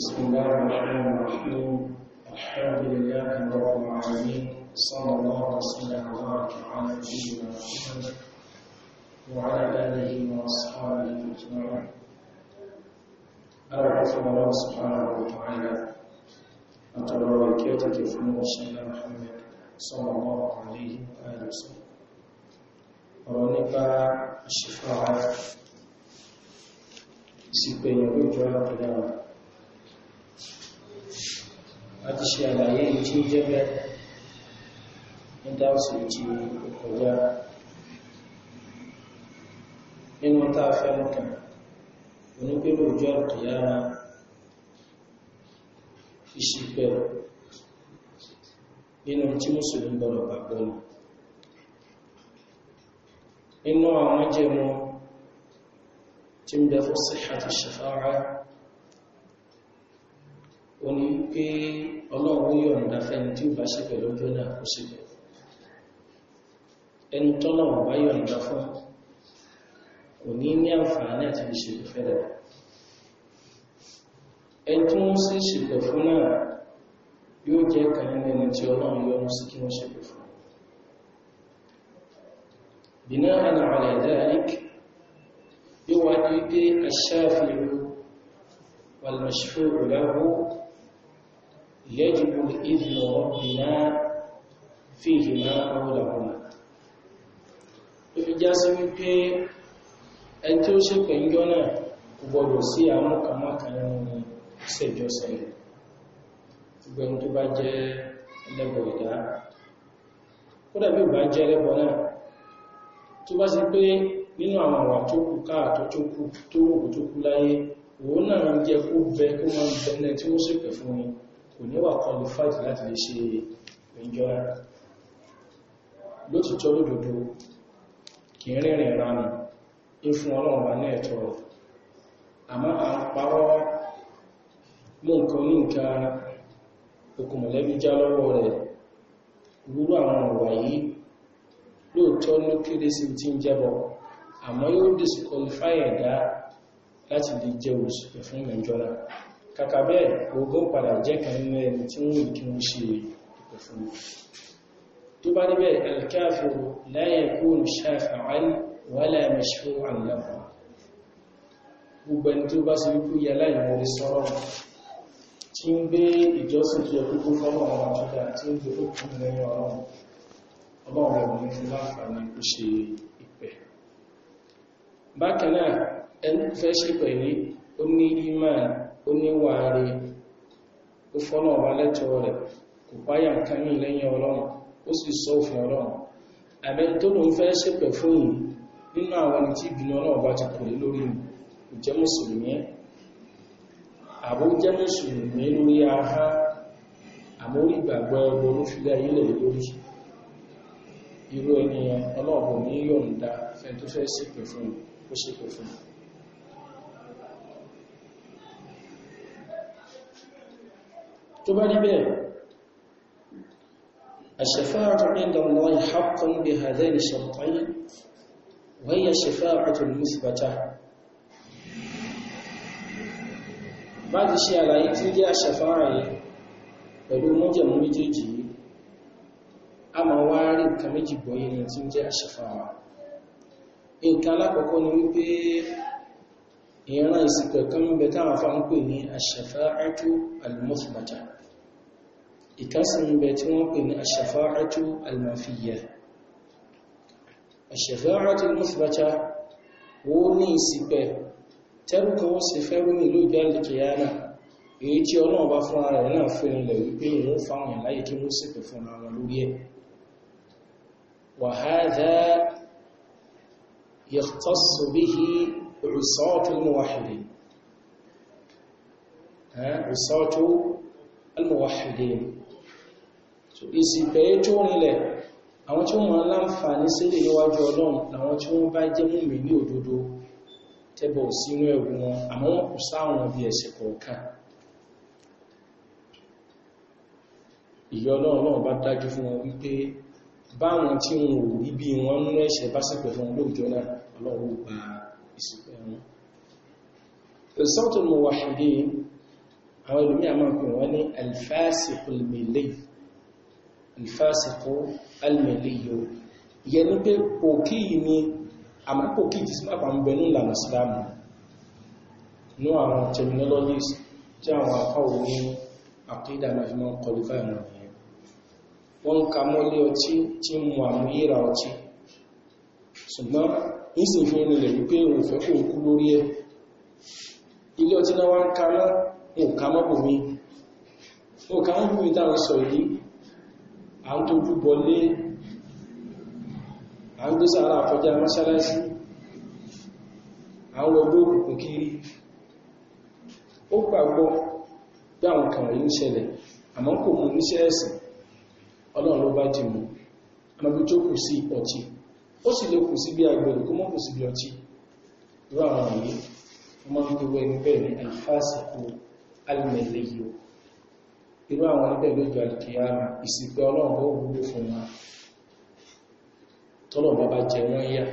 بسم الله الرحمن الرحيم الحمد لله رب العالمين صلى الله وسلم وبارك على نبينا محمد وعلى اله واصحابه اجمعين أعرف الله سبحانه وتعالى أتبركاتك في سيدنا محمد صلى الله عليه وآله وسلم ورنبا الشفاعة سيبين وجوه القيامة láti ṣe àlàyé tí ó jẹ́ bẹ́ẹ̀ ní dáàsì tí ó kọjá nínú tá a fẹ́ mọ́kàn onígbèrò òjò àkìyára ìṣìpẹ̀rẹ̀ nínú tí mùsùlùmí gbọ́dọ̀ gbàgbọ́ nínú àwọn jẹ́mọ́ tí ń bẹ fún síhàtì ṣàfáà ó ní pé ọlọ́run yọ̀ǹda fẹ́ni tí ó bá ṣe pẹ̀lú ọjọ́ náà kó sí pẹ̀lú ẹni tọ́nà ọ̀bá yọ̀ǹda fún kò ní ní àǹfààní àti ìṣèlú fẹ́rẹ̀ ẹni tí wọ́n sì ṣèpẹ̀ fún náà yóò jẹ́ kan ẹni tí ọlọ́run yọ́nú sí kí wọ́n ṣèpẹ̀ fún بناء على ذلك يوعد الشافع والمشفوع له يجب إذن ربنا فيهما أو لهما Ifi já sí wípé ẹni tí ó ṣe pẹ̀lú náà kò gbọdọ̀ sí àwọn kàmákàá ní ìṣèjọsẹ̀ rẹ̀. Gbogbo tó bá jẹ́ ẹlẹ́bọ̀ ìdá. Kódà bí bá jẹ́ ẹlẹ́bọ̀ náà, tó bá sí pé nínú àwọn àwà kò níwà qualified láti lè ṣe ìjọ ara lótìtọ́ lódòdó kì rìnrìn ìranù ń ọlọ́run wa ní ẹ̀tọ́ rẹ̀ àmọ́ à ń parọ́ mú nǹkan ní nǹkan okùnmọ̀lẹ́bí já lọ́wọ́ rẹ̀ gbúrú àwọn ọ̀wà yìí lóòtọ́ ló kéde sí tí ń jẹ́bọ̀ àmọ́ yóò disqualify ẹ̀dá láti lè jẹ́ òṣìṣẹ́ fún ìjọra kàkà bẹ́ẹ̀ ogun padà jẹ́ kan nínú ẹni tí wọ́n kí wọ́n ṣe ìpẹ̀ fún wọn tó bá níbẹ̀ alkafiru la yakunu shafi'an wala mashfu'an lahu gbogbo ẹni tó bá sì wípé yà láìmọ̀rí sọ́rọ̀ tí ń gbé ìjọsìn tó yẹ kókó fọ́mọ̀ àwọn àtúndà ní láǹfààní onye níwà rí ó fọ́nà ọba lẹ́tọ̀ọ́ rẹ̀ kò páyà nǹkan mí lẹ́yìn ọlọ́run ó sì sọ òfin ọlọ́run àbẹ́ tó ló ń fẹ́ ṣèpẹ̀ nínú àwọn ẹni tí ìbínú ọlọ́run ti lórí mi mùsùlùmí lórí ahá àmórí tó bá rí bẹ́ẹ̀ الشفاعة عند الله حق بهذين الشرطين وهي الشفاعة المثبتة bá ti ṣe àlàyé tí ó jẹ́ àṣàfáà yìí pẹ̀lú mọ́jẹ̀mú méjèèjì yìí a máa wá rí nǹkan méjì gbọ́yé ní tí ó jẹ́ àṣàfáà nǹkan alákọ̀ọ́kọ́ ni wípé ìran ìsìnkú kan mẹ́bẹ̀ táwọn afá ń pè ní àṣàfáàtú almuthbata ìkásìnbẹ̀ tí wọ́n pè ní àṣàfáàtú almafiyya àṣàfáàtú almuthbata wó ní ìsìnkú tẹ́rùkọ́ wọ́n sì fẹ́rú ní ìlú ìgbàlẹ̀ يختص به عصاة الموحدين عصاة الموحدين ìsìtẹ̀ẹ́jọ́ nílẹ̀ àwọn tí wọ́n láǹfààní sílẹ̀ níwájú ọlọ́run làwọn tí wọ́n bá jẹ́ múmi ní òdodo tẹ́bọ̀ sínú ẹ̀wù wọn àmọ́ wọn kò sáwọn bí kọ̀ọ̀kan ìyọ́ ọlọ́run bá dájú fún wọn wípé báwọn tí wọn ò rí bí wọn nú bá fún wọn lóòjọ́ náà Sọ́tún Mùwàhìdí, àwọn olùmí a máa pín wọ́n ní Alfásikò Almìlì yóò. Ìyẹn ní pé pòkí ni, àmà pòkí ti sípàpà ń bẹ ní ìlànà Ìsìlámù. Ní àwọn terminologies tí àwọn afáwò ní àkídà máa fi máa kọlùfà ìrìn àyẹ̀. Wọ́n ń ka mọ́lé ọtí tí mú àmúyíra ọtí. Ṣùgbọ́n ó sì fi rinlẹ̀ wípé òun fẹ́ kó kú lórí ẹ̀ ilé ọtí náà wá ń kaná nǹkan mọ́kùnrin nǹkan mọ́kùnrin táwọn sọ yìí à ń tójú bọlé à ń gbé sára àkọjá mọ́sálásí à ń wọ gbé òkùnkùn kiri ó gbàgbọ́ bí àwọn kan ń ṣẹlẹ̀ àmọ́ kò mú níṣẹ́ ẹ̀sìn ọlọ́run ló bá ti mú ó sì lè kù sí bí agbẹ̀rẹ̀ kó mọ́ kù sí bí ọtí irú àwọn àyè wọ́n máa ń gbogbo ẹni bẹ́ẹ̀ ní alfásìkò alìmẹ̀lẹ́yìó irú àwọn ẹgbẹ́ lójú alìkìyàmà ìsìnkú ọlọ́run ó wúlò fún wa tọ́lọ̀ bá bá jẹ wọ́n yà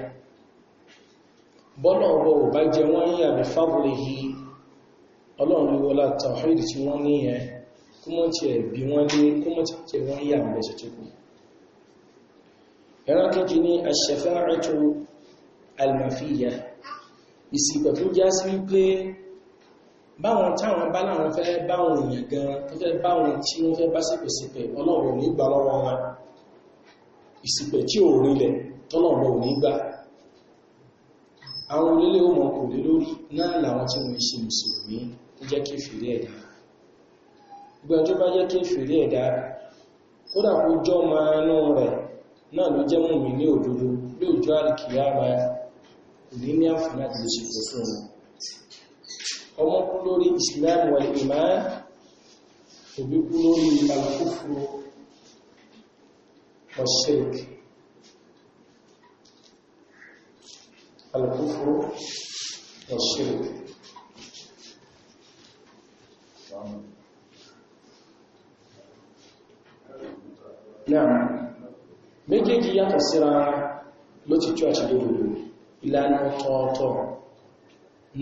bọ́lọ̀ ọ̀rọ̀ ò bá jẹ wọ́n tí wọ́n ní yẹn kó mọ́ wọ́n lé kó mọ́ yà mẹ́sẹ̀ tó kù ẹ̀rọ́kejì ní aṣẹfẹ́rẹ́tò almafiya ìsìnkọ̀ tó já sí wípé báwọn táwọn bá láwọn fẹ́ báwọn èèyàn gan tó fẹ́ báwọn tí wọ́n fẹ́ bá sípò sípẹ̀ ọlọ́run ní gbà lọ́wọ́ wọn ìsìnkọ̀ tí ò rílẹ̀ tọ́lọ̀rọ̀ ní gbà àwọn olélé ó náà ló jẹ́ mùmí ní òdodo lóòjọ́ àríkìyàmá ní ní àǹfààní àti lè ṣètò fún wọn ọmọ kú lórí islam wà òbí kú lórí alkúfù ọ̀ṣẹ́k alkúfù méjèèjì yàtọ̀ síra ló ti tó àti lóòrò ìlànà ọ̀tọ̀ọ̀tọ̀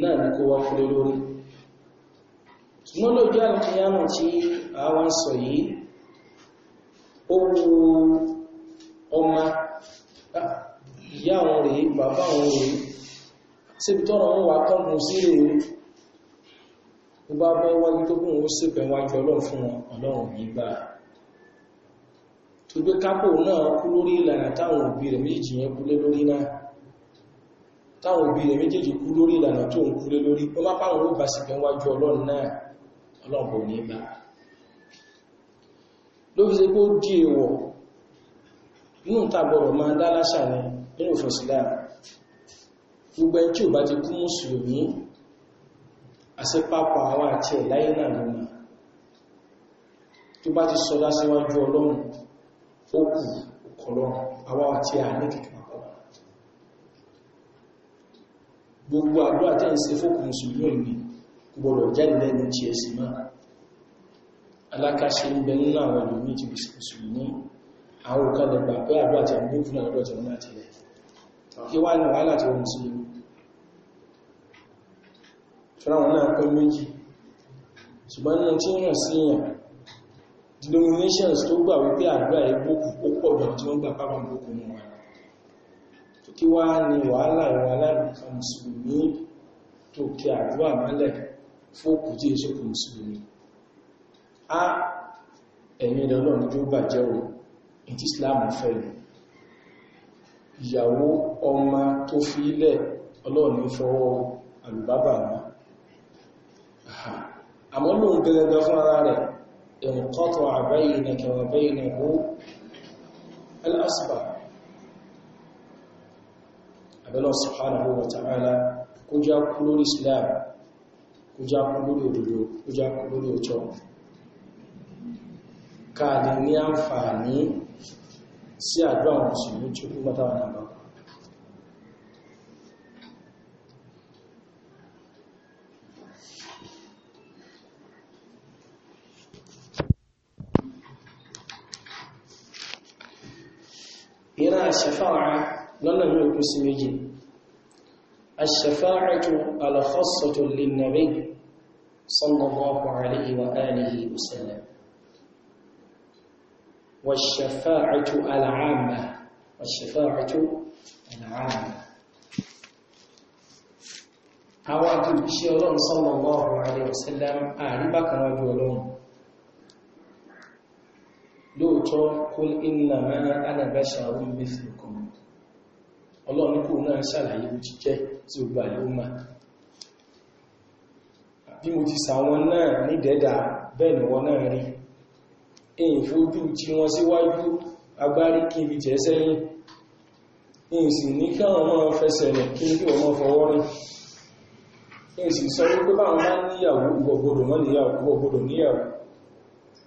náà ní kó wá fúlé lórí ṣùgbọ́n lójú àkíyàmọ̀ tí àwọn sọ yìí ó wu ọmọ ìyá àwọn rèé bàbá àwọn rèé síbi tọ́rọ wọn tó kún ó sì pẹ̀wájú ọlọ́run fún ọlọ́run yìí tó gbé kápò náà kú lórí ìlànà táwọn òbí rẹ̀ méjèèjì yẹn kú lé lórí náà táwọn òbí rẹ̀ méjèèjì kú lórí ìlànà tó ń kú lé lórí ó má páwọn ó bá sì fẹ́ wájú ọlọ́run náà ọlọ́bọ̀ ní gbà ló fi ṣe pé ó di èèwọ̀ inú tàbọ̀rọ̀ tó bá ti sọdá síwájú ọlọ́run ó kù kọ̀lọ́ àwọn àti àní kìkà pọ̀ gbogbo àdúrà tẹ́ ń ṣe fókùn sùúrù ìní gbọdọ̀ jáde lẹ́nu tí ẹ sì máa alákàṣe ń bẹ nínú àwọn ìlú méjì mùsùlùmí àwọn òkàlẹ̀ ní wàhálà tí denominations tó gbà wípé àdúrà ìgbókù ó pọ̀ jù tí wọ́n gbà pápá ìgbókù mú wa tó kí wá ní wàhálà ìwà aláìmọ̀ká mùsùlùmí tó kí àdúrà mọ́lẹ̀ fóòkù tí èso kò mùsùlùmí a ẹ̀yìn ìdọ́lọ́run tó bàjẹ́ o ètí Islam fẹ́ ni ìyàwó ọmọ tó fi ilẹ̀ ọlọ́ọ̀ni fọwọ́ àlùbábà náà àmọ́ انقطع بينك وبينه الأصبع أبنى سبحانه وتعالى كجا كل الإسلام كجا كل الوجود كجا كل الوجود ká lè ní àǹfààní sí àdúrà mùsùlùmí tí àṣẹfáà lọ́nà ní òkú sí méjì àṣẹfáàtù alàkọ́sọ̀tù lìnàrí sallallahu alaihi wa alihi wa sallam والشفاعة العامة والشفاعة العامة àwọn àti ìṣẹ́ ọlọ́run sallallahu alaihi wa sallam lóòótọ́ kul innama ana basharun mithlukum kan kò náà ṣàlàyé bó jẹ́ tí ó gbà ló máa bí mo ti sàwọn náà ní dẹ́dà bẹ́ẹ̀ wọ́n náà rí èyí fojú tí wọ́n agbárí kí ibi jẹ́ sẹ́yìn èyí sì ní káwọn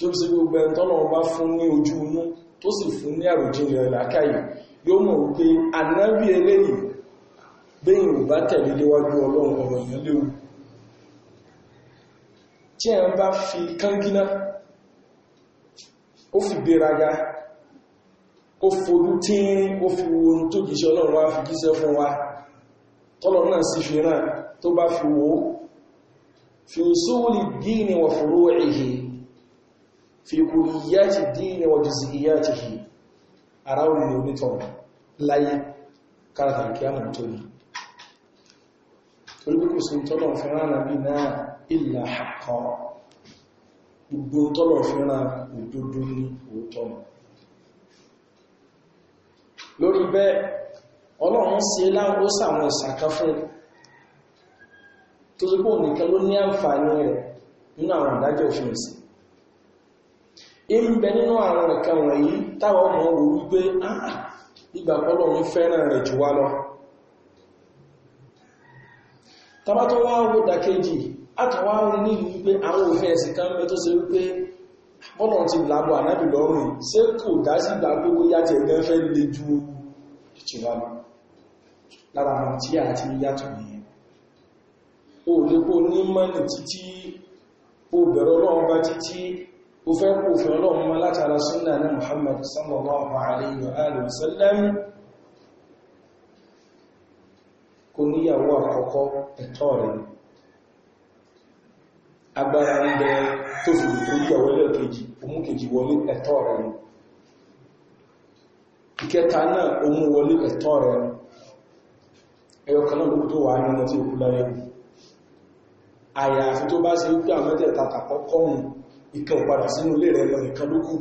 tó si gbogbo ẹni tọ́nà ọba fún ní ojú inú tó sì fún ní àròjinlẹ̀ làákàyè yóò mọ̀ wípé ànábì eléyìí bẹ́yìn ò bá tẹ̀lé léwájú ọlọ́run ọ̀rọ̀ èèyàn léwu tí ẹ̀ ń bá fi kángínà ó fi gbéraga ó fojú tí ó fi wo ohun tó jíṣẹ́ ọlọ́run wá fi jíṣẹ́ fún wa náà sì fi tó bá fi fi fi kuliyati dini wa juz'iyatihi around a uniton láyé kárakàrà kí á mọ̀ tó ní torí kò sí na fẹ́ràn nàbí gbogbo na fẹ́ràn na ní òótọ́ lórí bẹ́ẹ̀ ọlọ́run sí láwọn ó sàwọn ìsàkà fún tó sí nìkan ló ní àǹfààní rẹ̀ nínú àwọn ìdájọ́ òfin ìsìn ń bẹ nínú àwọn nǹkan wọ̀nyí táwọn ọmọ wò wípé a ah, ìgbàpọ̀lọ̀ ń fẹ́ràn rẹ̀ jù wá lọ tàbátọ́ wá owó dàkejì àtàwà orin ní wípé àwọn òfin ẹ̀sìn kan mẹ́ tó wípé bọ́lọ̀ ti làbọ̀ ànábì lọ́rùn sí ti ju ó fẹ́ kó fẹ́ ọlọ́run mọ́ látara súnnà ní Muhammad sallallahu alaihi wa alihi wa sallam kò níyàwó àkọ́kọ́ ẹ̀tọ́ rẹ̀ agbára ń bẹ tó fi ìgbòkúyàwó ẹlẹ́kejì omúkejì wọlé ẹ̀tọ́ rẹ̀ ìkẹta náà omú wọlé ẹ̀tọ́ rẹ̀ ẹyọkan náà ló tó wà nínú tí ó kú láyé àyàfi tó bá ṣe wípé àmọ́tẹ̀ta tàkọ́kọ́ ìkan padà sínú ilé rẹ̀ lọ ìkan lókù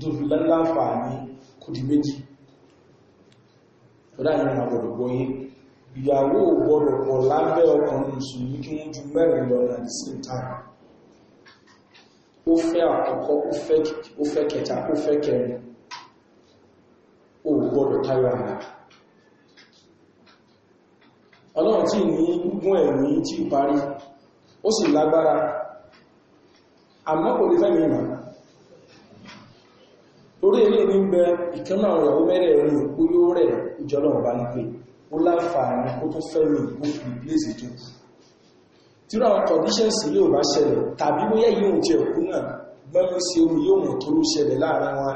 tó fi láńláfà ní kò di méjì tó dáyé àwọn ọ̀dọ̀gbọ́ yìí ìyàwó gbọ́dọ̀ pọ̀ lábẹ́ ọkùnrin mùsùlùmí kí wọ́n ju mẹ́rin lọ at the same time ó fẹ́ àkọ́kọ́ ó fẹ́ kẹta ó fẹ́ kẹrin ó àrà ọlọ́run tí ní àmọ́ kò lè fẹ́ mi màá lórí ilé ní gbẹ ìkánná àwọn ìyàwó mẹ́rẹ̀ rí ó yóò rẹ̀ ìjọlọ ọ̀bá ní pé ó láfààní ó tún fẹ́ mi ó fi ìpléèsì tó tí ó àwọn conditions yóò bá ṣẹlẹ̀ tàbí bóyá yóò jẹ òkú náà gbẹ́mí sí omi yóò mọ̀ tó ló ṣẹlẹ̀ láàrin wa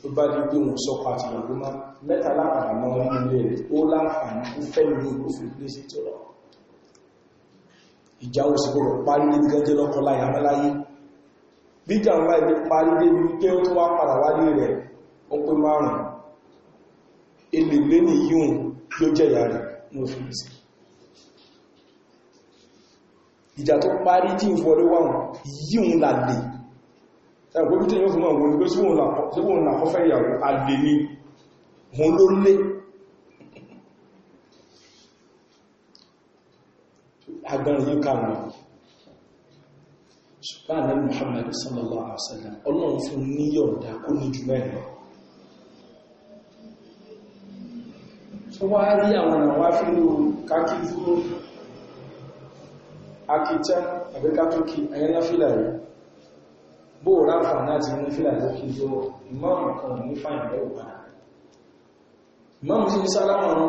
tó bá di pé wọn sọkọ àti ìyàwó mẹ́ta lápàdà mọ́ ilé rẹ̀ ó láfààní ó fẹ́ mi ó fi ìpléèsì tó lọ́wọ́ ìjà ò sì gbọ́rọ̀ parí ní gẹ́gẹ́ lọ́kọ́ láyé abáláyé bíjà ńlá ìdí parí débi pé ó tún wá padà wálé rẹ̀ ó pé márùn-ún ilè lé ní yíò ló jẹ́ ìyá rẹ̀ ní òfin ìsìn ìjà tó parí tí ń fọ́lé wà yíò là lè ẹgbẹ́ bí tí yóò fún àwọn olùgbé síwọ̀n làkọ́fẹ́ ìyàwó àlè ni òun ló lé agbára yóò kàwọn ṣùgbọ́n àná Muhammad sallallahu alaihi wasallam ọlọ́run fún níyọ̀dá kó ní jù mẹ́rin lọ tó wá rí àwọn àwọn afínú kákí dúró akíjá àbíkátókì ayẹ́láfílà rẹ̀ bó ráfà láti ní fílà lókè dúró ìmọ́rùn kan ní fàyẹ̀lẹ́ òpàdà ìmọ́rùn sí sálámà ọ̀rọ̀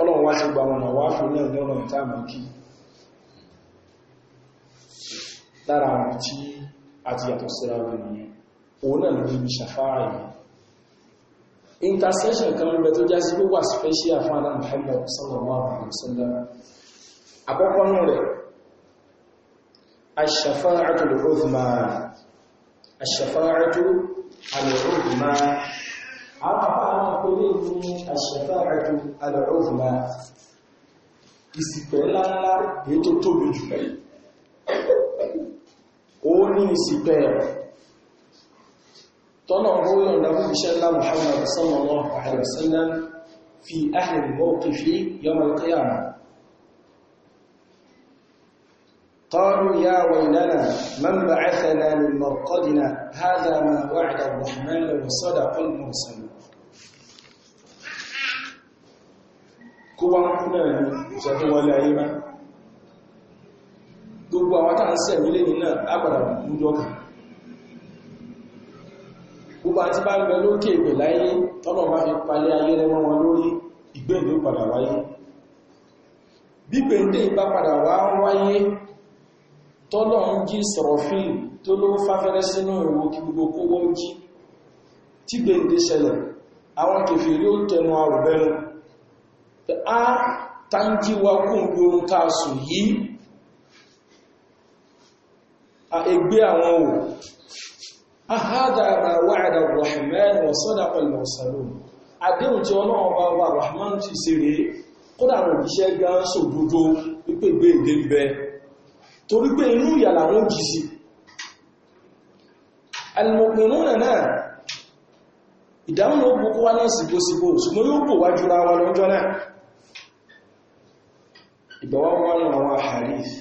kọ́lọ̀wọ́ wá sí gbàmọ̀nà wá fún náà ní ọ̀nà ìtàmà kí lára àwọn tí a ti yàtọ̀ síra wọn nìyẹn òun náà ló níbi ṣàfáà yìí intercession kan lórí tó já sí pé wà special fún adam مني الشفاعة العظمى ìsìpẹ̀ ńláńlá èyí tó tóbi jù lẹ́yìn ó ní ìsìpẹ̀ tọ́nà ọ̀rọ̀ ìrọ̀lẹ́gbùn ìṣẹ́lá Muhammad sallallahu alaihi wasallam fi ahli al-mawqif yawm al-qiyamah قالوا يا ويلنا من بعثنا من مرقدنا هذا ما وعد الرحمن وصدق المرسلون kó wá náà ní ìṣẹ́tọ́ wọlé ayé rán gbogbo àwọn tàà ń sẹ̀mí lè ní náà ápàdà mújọ́ kan gbogbo àti bá ń bẹ lókè ìpè láyé tọ́lọ̀ bá fi palẹ̀ ayé rẹ wọn lórí ìgbẹ̀lú padà The a tánjíwá kún bí ohun tàà sùn yìí a ẹgbẹ́ àwọn wò a hádà ma wa'ada rahman wa sadaqa al-mursalun àdéhùn tí ọlọ́run bá wà rahman ti ṣe rèé kódà àwọn òjíṣẹ́ gan sòdodo wípé gbé ìdé ń bẹ torí pé inú ìyà làwọn jì sí alìmọ̀pìnrún náà ìdáhùn ó bú kó wá náà síbòsíbò ṣùgbọ́n yóò bò wájú ra wa lọ́jọ́ náà ìgbàwọ́wọ́n àwọn àhàrìs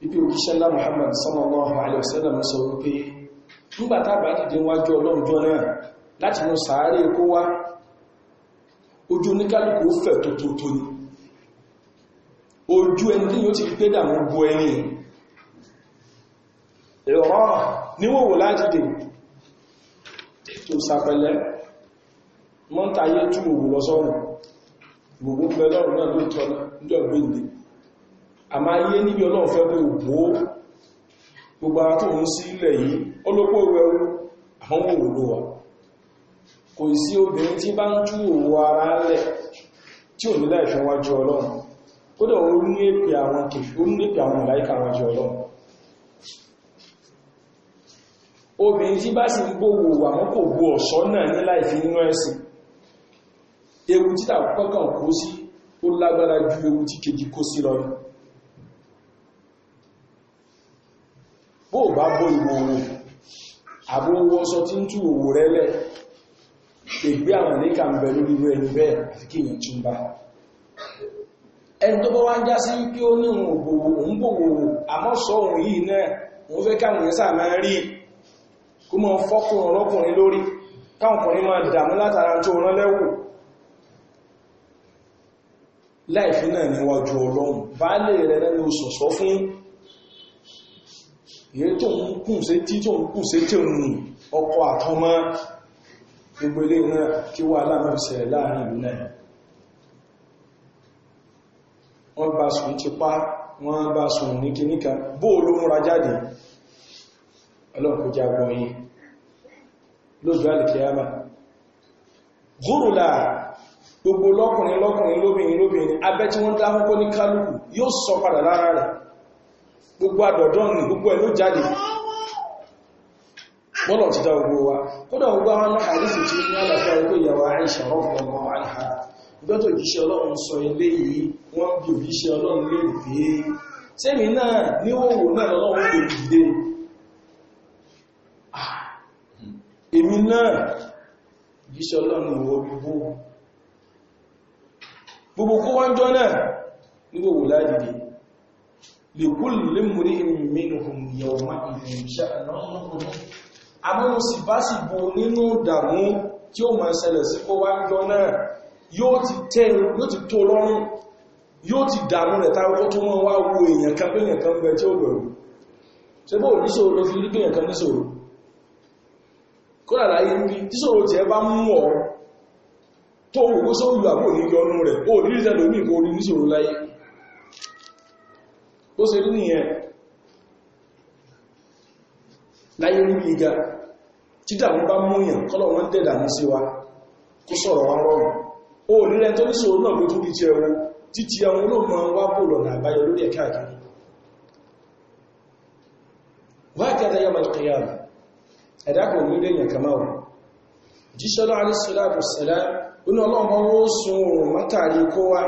wípé òkíṣẹ́lá Muhammad sallallahu alaihi wasallam sọ wípé nígbàtà bá dìde wájú ọlọ́run náà láti mú sàárè kó wá ojú oníkálùkù fẹ̀ tótótó ni ojú ẹni tí yóò ti pé dàmú bu ẹni ẹ̀rọ níwòwò láti dè tó sàpẹlẹ mọ́ntayé túnwòwò lọ́sọ́rùn gbogbo ń lọ́rùn náà lóòtọ́ níjọ́ a máa yé níbi ọlọ́run fẹ́ gbogbo ara tó ń sí ilẹ̀ yìí olóko àwọn wa kò sí obìnrin tí ara lẹ̀ tí ò ní láìfẹ́ wájú ọlọ́run ó ó ní àwọn ewu tí àkọ́kọ́ kan kó sí ó lágbára ju ewu tí kejì kó sí lọ bó bá bọ́ ìwò owó àbó owó ọsọ tí ń tú òwò rẹ lẹ̀ ègbé àwọn ní kàmbẹ̀ lórí ìwé ẹni bẹ́ẹ̀ àti kí èèyàn tún bá ẹni tó bọ́ wá ń já sí pé ó ní òun òbòwò òun bòwò láìfún náà níwájú ọlọ́run baálé rẹ̀ lẹ́nu sọ̀sọ́ fún ìyẹ́ tó ń kùn sí tí tó ń kùn sí tí òun ọkọ̀ àtọmọ́ gbogbo ilé náà kí wà láàmọ́sẹ̀ láàrin ìlú náà wọ́n bá sùn ti pa wọ́n bá sùn ní kíníkà bóò ló múra jáde ọlọ́pùjá gbọ́yìn lójú alìkìyàmà gúrùlà gbogbo lọ́kùnrin lọ́kùnrin lóbìnrin lóbìnrin abẹ́ tí wọ́n dáhùn kó ní kálùkù yóò sọ padà lára rẹ̀ gbogbo àdọ̀dán ní gbogbo ẹ̀ ló jáde bọ́lọ̀ ti dá wa kódà ogbó àwọn àrífì tí ní àlàfà ogbó ìyàwó àìṣà rọ́pọ̀lọpọ̀ gbogbo kó wọ́n jọ náà nígbò wò láàdìdì lè kú lè mú ní ìmìnìhùn yọ̀ọ̀má ìrìnṣẹ́ àmọ́nù sì bá sì bò nínú ìdàmú tí ó máa ṣẹlẹ̀ sí kó wá jọ náà yóò ti tó lọ́rùn yóò ti dàmú rẹ̀ táwọn tó mọ́ wá tó wò ó sóòlù àbò ní yọnú rẹ̀ ó ní ìṣẹ́ lómi ìkó orí níṣòro láyé ó ṣe rí nìyẹn láyé rí ìga títà mú bá múyàn kọ́lọ̀ wọ́n tẹ̀dà ní sí wa kó sọ̀rọ̀ wá rọrùn ó ní rẹ̀ tó ní náà lójú ní jẹ́ ẹwọ títí àwọn olóòmọ wá bò àbáyọ lórí wá kẹta yọ ẹ̀dá kò ní oní ọlọ́ọ̀bọ̀ wọ́n sun oòrùn látàrí kó wá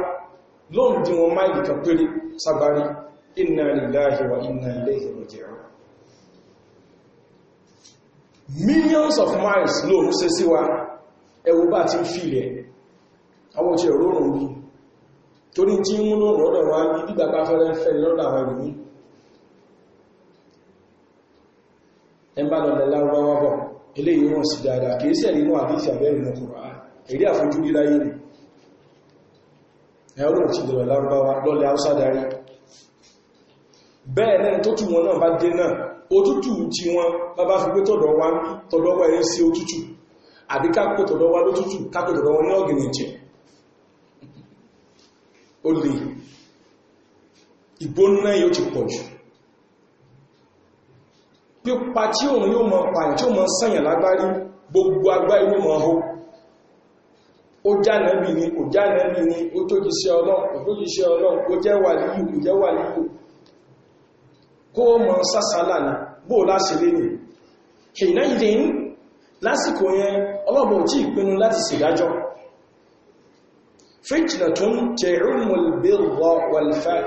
máìlì kan péré sábárí inna lillahi wa inna millions of miles lóòm ṣe sí wa ẹwọ bá ti ń fìlẹ̀ àwọn òṣèrè rọrùn rí torí tí ń múlò rọ́dọ̀ wá ní fẹ́rẹ́ fẹ́ lọ́dọ̀ àwọn ìlú èrí àfojúrí láyé rẹ̀ ẹ̀rọ ti dọ̀rọ̀ lárúbáwá lọ́lẹ̀ haúsá darí bẹ́ẹ̀ náà tó tù wọn náà bá dé náà òtútù tí wọn bábá fi pé tọ̀dọ̀ wá ní tọ̀dọ̀ wá yẹn sí òtútù àbí kápẹ́ tọ̀dọ̀ wá lótútù kápẹ́ tọ̀dọ̀ wọn ní ọ̀gìnì jẹ́ ó lè ìgbóná yóò ti pọ̀ jù gbogbo agbá inú mọ̀ ọ́ ó jánàbì ni kò o ni ó tójíṣẹ́ ọlọ́run kò tójíṣẹ́ ọlọ́run ó jẹ́ wà líyù kò jẹ́ wà líyù kó mọ̀ sásàlà ní bó láṣe lé ní ṣìnà ìdí lásìkò yẹn ọlọ́bọ̀ tí tun láti ṣèdájọ́ fitnatun ta'umul birra wal fajr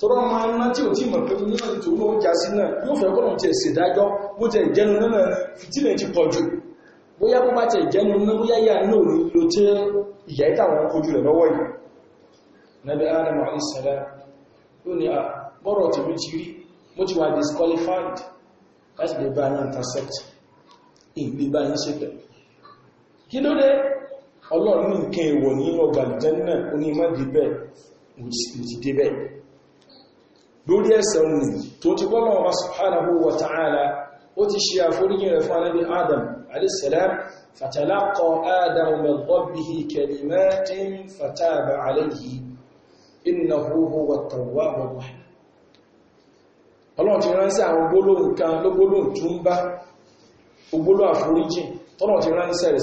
tọ́rọ ma ná tí ò tí mọ̀ pé ní ọdún tó ló ń jásí náà yóò fẹ́ kọ́nà tí ẹ̀sẹ̀ dájọ́ bó tẹ̀ ìjẹnu náà fìtílẹ̀ ti pọ̀ jù bóyá bó bá tẹ̀ ìjẹnu náà bóyá yà náà ní ló tẹ́ ìyà ìtàwọn kojú rẹ̀ lọ́wọ́ yìí nabi adam alayisala ló ní a bọ́rọ̀ tí mo ti rí mo ti wà disqualified láti lè bá yín intercept ìgbé bá yín ṣépẹ̀ kí ló dé ọlọ́run ní nǹkan èèwọ̀ ní ọgbà ìjẹ́ náà ó ní má dé bẹ́ẹ̀ mo ti dé bẹ́ẹ̀ lórí ẹ̀sẹ̀ ni tó ti gbọ́nà wa subhanahu wa ta'ala ó ti ṣe àforíjì rẹ̀ fún anábi adam alìsẹ̀lám fatalaqqa adam min rabbihi kalimatin fataba alayhi innahu huwa at-tawwabur rahim ọlọ́run ti ránṣẹ́ àwọn gbólóhùn kan ló gbólóhùn tún bá ogbóló àforíjì tọ́lọ̀ ti ránṣẹ́ rẹ̀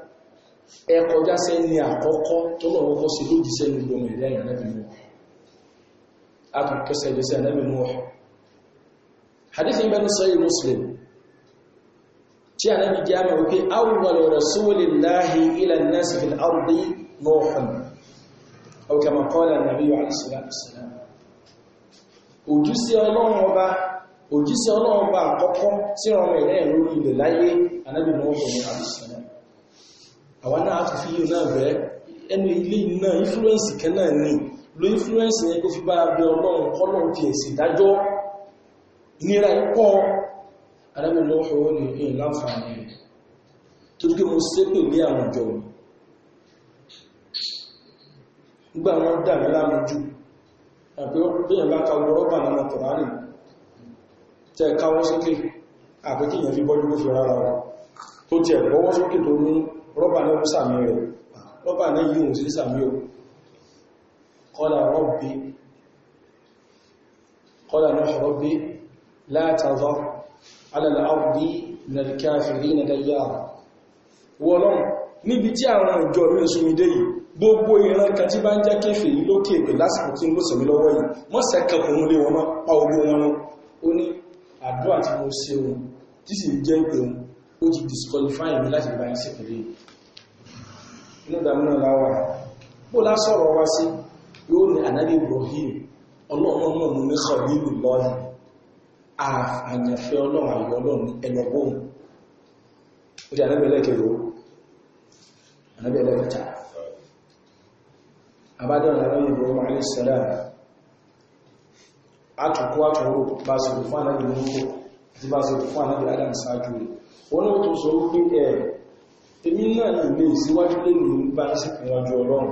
ẹ kọjá sẹ́ni àkọ́kọ́ tó lọ kọ́kọ́ sí lójíṣẹ́ gbogbo ọmọ ìrìn àyàn lẹ́bìn mọ́ na ìgbésẹ̀ lẹ́bìn mọ́ hadith ibn sahih muslim tí a jẹ́ àmà wípé awwal rasulillahi ila an-nas fil ardi nuhun aw kama qala nabi alayhi salatu wassalam ọlọ́run ọba àkọ́kọ́ tí ọmọ àwọn náà fi fíyò náà rẹ̀ ẹnu ilé náà influence kan náà ní ló influence yẹn kó fi bá abẹ́ ọlọ́run kọ́lọ̀n fi èsì dájọ́ nira ikọ́ arábìnlọ́wọ́ ní ìyìn e, láǹfààní rẹ̀ tó dúkẹ́ mo sépè lé àwọn ìjọ gbà wọn dàmí lámójú àpé bíyàn bá ka wọ́n rọ́bà nínú kọ̀ránì rọ́bà náà ló sàmì rẹ̀ rọ́bà náà yíò sí sàmì ò kọ́lá rọ́bì kọ́lá náà rọ́bì látàzọ́ alàlàáwùdí nàìkáfìrí na dáyà wọ́lọ́n níbi tí àwọn ìjọ mi súnmídé yìí gbogbo ìran kan tí bá ń jẹ́ kéfì lókè pè lásìkò tí ń ló lọ́wọ́ yìí wọ́n sẹ́kẹ̀kùn lé wọn pa ogun wọn ó ní àdúrà tí mo ṣe wọn tí sì jẹ́ ìpè wọn ó ti disqualify mi láti bá ṣe pẹ̀lú inú ìdámúnà láwà bó lásọ̀rọ̀ wá sí yóò ní ànábì Ibrahim ọlọ́run náà mú ní kọ̀lílù lọ́yìn àyànfẹ́ ọlọ́run àyọ̀ ọlọ́run ẹlọ́gbọ́n ó jẹ́ ànábì ẹlẹ́kẹ̀rọ ànábì ẹlẹ́kẹta àbádọ́ ànábì Ibrahim alayhi salam àtùkú àtùkú bá sì fún ànábì Ibrahim tí bá ṣe fún anábì adam ṣáájú rẹ̀ wọ́n náà tó sọ wípé ẹ̀ èmi náà lè síwájú lè ní bá ń sìnkú wájú ọlọ́run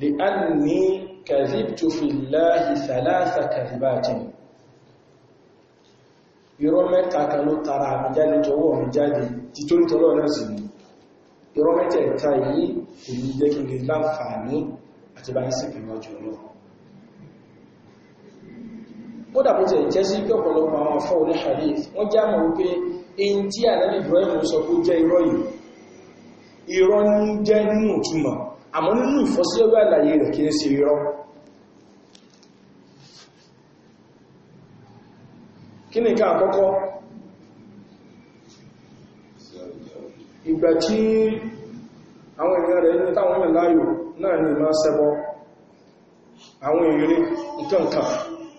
lè á ní kàzíbtò fi láàáhì sàlásà kàzíbáàtì irọ́ mẹ́ta kan ló tara àmì kódà bó ti jẹ́ sí pé ọ̀pọ̀lọpọ̀ àwọn afọ́ oní hadith wọ́n já mọ̀ wípé in tí ànábì Ibrahim sọ pé jẹ́ irọ́ yìí irọ́ ń jẹ́ nínú ìtumọ̀ àmọ́ nínú ìfọ́síwẹ́wẹ́ àlàyé rẹ̀ kìí ṣe irọ́ kí ni ká àkọ́kọ́ ìgbà tí àwọn èèyàn rẹ̀ ní táwọn mẹ́láyò náà ní ìmá sẹ́bọ́ àwọn èèyàn nǹkan kan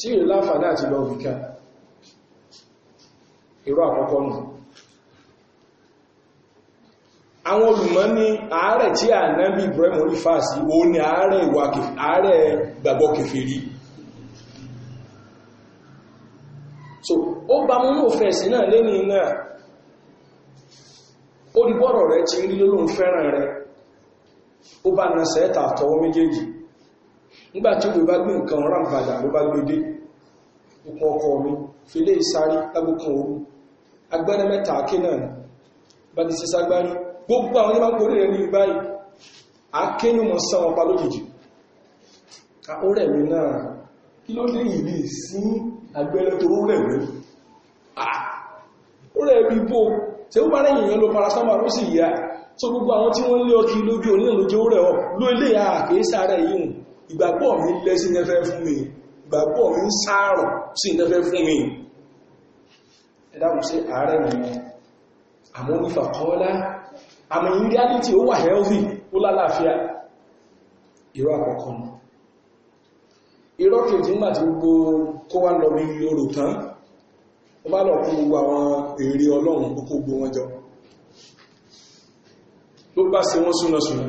tí ìrìn láǹfààní àti lọ òbíkà ìrọ àkọ́kọ́ nù àwọn olùmọ̀ ní ààrẹ tí ànábì Ibrahim onífàásí o ní ààrẹ ìwà ààrẹ gbàgbọ́ kèfèrí so ó bá mú ní òfẹ́sì náà lẹ́ni náà ó re rẹ̀ ti rí lólóhun fẹ́ràn rẹ̀ ó bá na sẹ́ẹ̀tà àtọwọ́ méjèèjì nígbà tí mo bá gbé nǹkan rán padà ló bá gbé dé ikun ọkọ̀ mi fílé ìsárí lágbókun ooru agbẹ́rẹ́ mẹ́ta àké náà ni bá ti sísá gbárí gbogbo àwọn onímọ̀ orí rẹ̀ ní báyìí àké ní mọ̀ sán ọpa lójijì ó rẹ̀ mí náà kí ló dé ìlú sí agbẹ́rẹ́ tó rẹ̀ gbogbo àwọn tí wọ́n lé ọkì lójú onílòjó rẹ̀ ọ ló ilé àkèésà rẹ̀ yìí ìgbàgbọ́ mi lẹ́ sí nẹ́fẹ́ fún mi ìgbàgbọ́ mi ń sáàrọ̀ sí nẹ́fẹ́ fún mi ẹ̀dàkùn sí ààrẹ nìyàn àmọ́ ní fàkọ́ọ́lá àmọ́ in reality ó wà healthy ó lálàáfíà irọ́ àkọ́kọ́ irọ́ kejì nígbà tí gbogbo kó wá lọ bí orò tán ó bá lọ kún gbogbo àwọn èrè ọlọ́run gbogbo wọn jọ ló bá ṣe wọ́n súnasùnà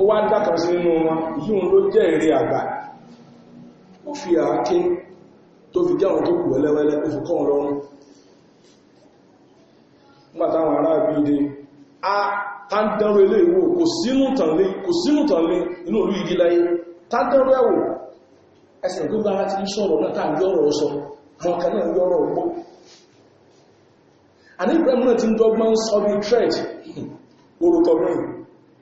ó wá dákan sí nínú wọn yíò ló jẹ́ èrè àgbà ó fi àáké tó fi jáwọn tó kù ẹlẹ́wẹ́lẹ́ ó fi kọ́n lọ́rùn nígbàtàwọn ará ìbíde a tàndẹ̀rọ ilé ìwò kò sínú tànlé inú olú ìdí láyé tàndẹ̀rọ ẹ̀wò ẹsẹ̀ tó bá ti ń sọ̀rọ̀ náà tàbí ọ̀rọ̀ sọ àwọn kan yọ́rọ̀ ọgbọ́ àní ìgbẹ́mù ti ń dọ́gbọ́n sọ bí trade orúkọ mìíràn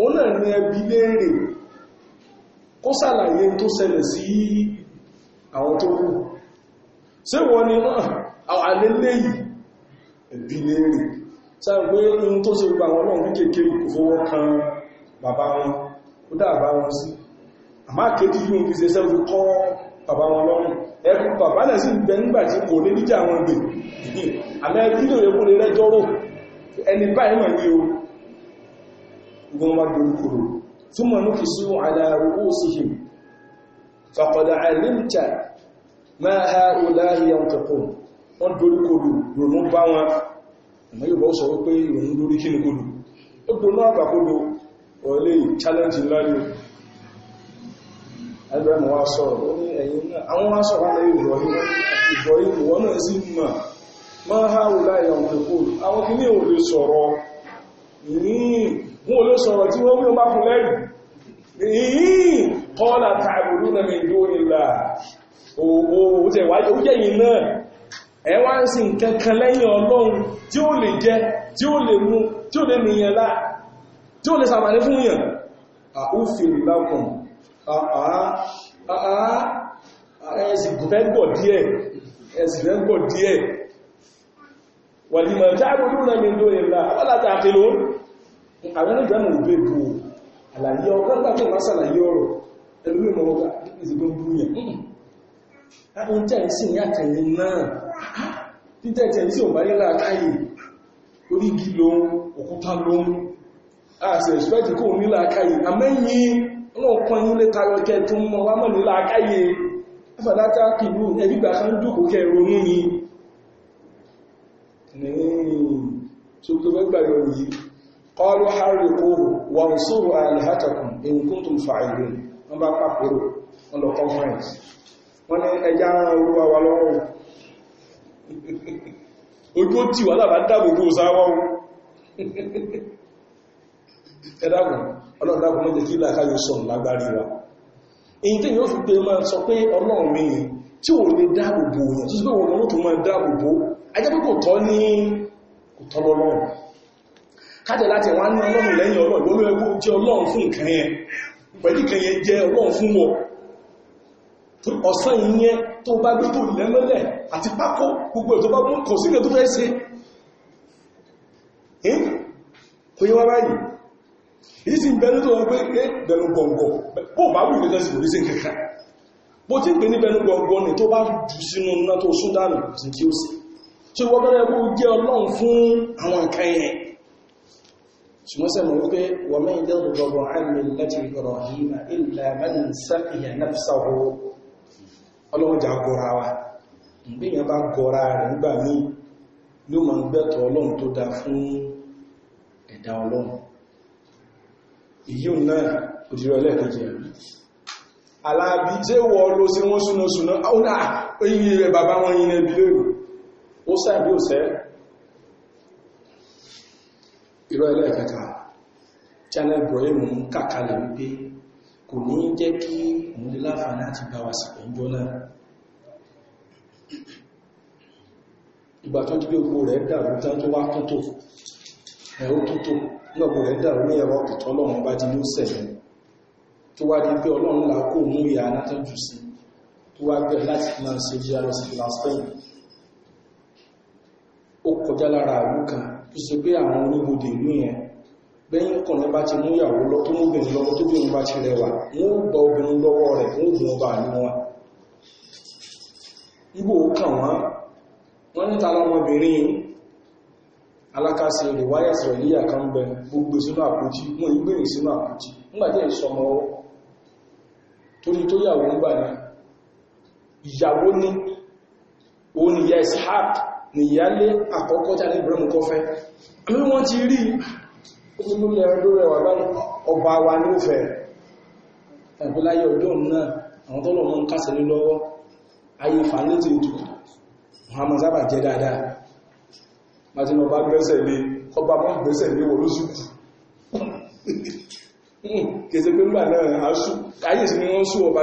ó náà ní ẹbí léèrè kó sàlàyé tó ṣẹlẹ̀ sí àwọn tó kù ṣé wọ́n ni àlélé yìí ẹbí léèrè sáà pé ohun tó ṣe gbogbo àwọn ọlọ́run kéèkéé kò fọwọ́ kan bàbá wọn ó dáàbá wọn sí àmá kéjì yíò ń fi ṣe sẹ́fù kọ́ bàbá wọn lọ́rùn ẹkù bàbá náà sì ń bẹ nígbàtí kò ní níjà wọn gbè àmẹ́ ẹbí lòye kó lè rẹjọ́rò ẹni báyìí mọ̀ ní o goma dunkuru nufi nukisu ala ru'usihim faqad alimta ma ha'ula'i yantiqun wọ́n dorúkodù wọn ọmọ yóò bọ́ sọ wípé ìrònú lórí kí ní kodù ó dò náà kàkodò ọ̀lẹ́ challenge lọ́lẹ́ ẹgbẹ̀rún wá ma wọn ò ló sọ̀rọ̀ tí wọ́n wíwọ́n bá fún lẹ́rù ìyìn kọ́lá tààbùrú na mẹ́jọ nílá ó jẹ́ yìí náà ẹ wá ń sin kankan lẹ́yìn ọlọ́run tí ó lè jẹ tí ó lè mú tí ó lè nìyàn lá tí ó lè sàmàlé fún yàn àúfèrè lápùn àá ẹ̀sìn fẹ́ gbọ̀ díẹ̀ ẹ̀sìn fẹ́ gbọ̀ díẹ̀ wàlìmọ̀ tààbùrú na àwọn onígbà mọ̀ òbí èkó àlàyé ọgbọ́n gbàtọ̀ máa sàlàyé ọ̀rọ̀ ẹlúmí mọ̀ ọgbà ìsìnkú búrúyàn hmm. àwọn tẹ́ ìsìn ní àkàyè náà títẹ́ tẹ́ ìsìn òbá nílá àkáyè orí igi lóhun òkúta lóhun àti ẹ̀ṣùpẹ́jì kò nílá àkáyè àmẹ́yìn ọlọ́ọ̀kan ilé tayọ kẹ tó mọ wá mọ̀ nílá àkáyè afẹ́dátá kìlú ẹgbígbà kan dùkú kẹ ronú ni ṣùgbọ́n gbàgbọ́ yìí qalu harriquhu wansuru alihatakum in kuntum fa'ilin wọ́n bá pàpẹ̀rọ wọ́n lọ conference wọ́n ní ẹja olúwa wa lọ́wọ́ ojú ó tí wà lábá dábògbò sáwọ́ ẹ̀dàgùn ọlọ́dàgùn mọ́jẹ̀ kí láàkáyò sọ wa èyí tí yóò fi pé máa sọ pé ọlọ́run mi tí lè kájẹ̀ láti wá ní ọlọ́run lẹ́yìn ọlọ́run lórí ẹgbó jẹ́ ọlọ́run fún nǹkan yẹn pẹ̀lú nǹkan yẹn jẹ́ ọlọ́run fún wọ ọ̀sán ìyẹn tó bá gbogbo lẹ́mọ́lẹ̀ àti pákó gbogbo ètò bá mú kò sí ètò tó wọ́n sí ṣùgbọ́n sẹ́mọ̀ wípé wọ́n mẹ́ ìjẹ́ ọ̀rọ̀ àmìlẹ́tì ìrọ̀hìmá ilẹ̀ mẹ́rin na náfisàwò ọlọ́wọ́jà gọ́ra wa ní ma tó dá fún náà irọ́ ẹlẹ́ẹ̀kẹta tí chanel Ibrahim ń wípé kò ní jẹ́ kí òun lè ti bá wa sìnkú ìjọ náà ìgbà tó jí ogbò rẹ̀ dàrú tán tó wá kútó ẹ̀rọ tútó lọ́gbò rẹ̀ dàrú ní ẹ̀rọ ọ̀pìtọ́ ọlọ́run bá di ló sẹ̀lẹ̀ tó wá di pé ọlọ́run là kó mú ìyá sí tó wá láti máa tó ṣe pé àwọn olóbodè ìlú yẹn bẹ́yìn kọ̀lẹ́ bá ti lọ tó múbìnrin lọ́wọ́ tó bá ti rẹwà wọ́n gba obìnrin lọ́wọ́ rẹ̀ wọ́n gùn ọba ní wọn ibò kàn wọ́n wọ́n níta lọ́mọbìnrin alákàṣe rẹ̀ wáyà sọ̀rọ̀ níyà kan bẹ gbogbo sínú àpótí wọ́n ìgbèrè sínú àpótí nígbàjẹ́ ìsọmọ torí tó yàwó ń gbà ní ìyàwó ní òun ìyá ishaq nìyálé àkọ́kọ́ tí a ní Ibrahim kọ́ fẹ́ ní wọ́n ti rí ìpínlẹ̀ ọdún rẹwà báyìí ọba wa ní òfẹ́ tàbí láyé ọdún náà àwọn tọ́lọ̀ mọ́ ń kásẹ̀ ní lọ́wọ́ ayé fàánẹ́tì ìtù Muhammad sábà jẹ́ dáadáa martin ọba gbẹ́sẹ̀ lé hmm, ọba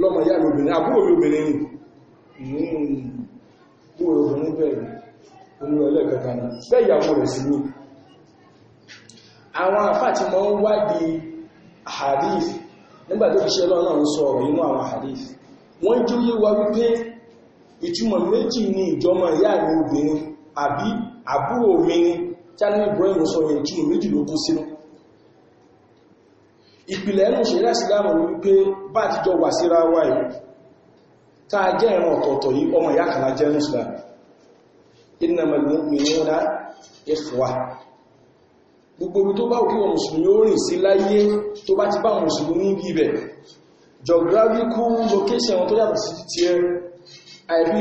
lọ́mọ ìyá mi obìnrin àbúrò mi obìnrin ni bó obìnrin bẹ̀rẹ̀ olú ẹlẹ́ẹ̀kẹta ni bẹ́ ìyàwó rẹ̀ sí ní àwọn àfá tí mọ́ ń wádìí hadith nígbà tó fiṣẹ́ lọ́nà ń sọ ọ̀rọ̀ inú àwọn hadith wọ́n jú yé wa wípé ìtumọ̀ méjì ni ìjọmọ ìyá mi obìnrin àbí àbúrò mi ní channel brain sọ ìtumọ̀ méjì ló kún sínú ìpìlẹ̀ ẹ̀rùn ṣe lẹ́sìlámù wípé bá àtijọ́ wà síra wà yìí tá a jẹ́ ìran ọ̀tọ̀ọ̀tọ̀ yìí ọmọ ìyá kan la jẹ́ muslim innamal mu'minuna ikhwa gbogbo ibi tó bá òkè wọn mùsùlùmí ó rìn sí láyé tó bá ti bá mùsùlùmí níbi ibẹ̀ geographical location tó yàtọ̀ sí ti ẹ àìrí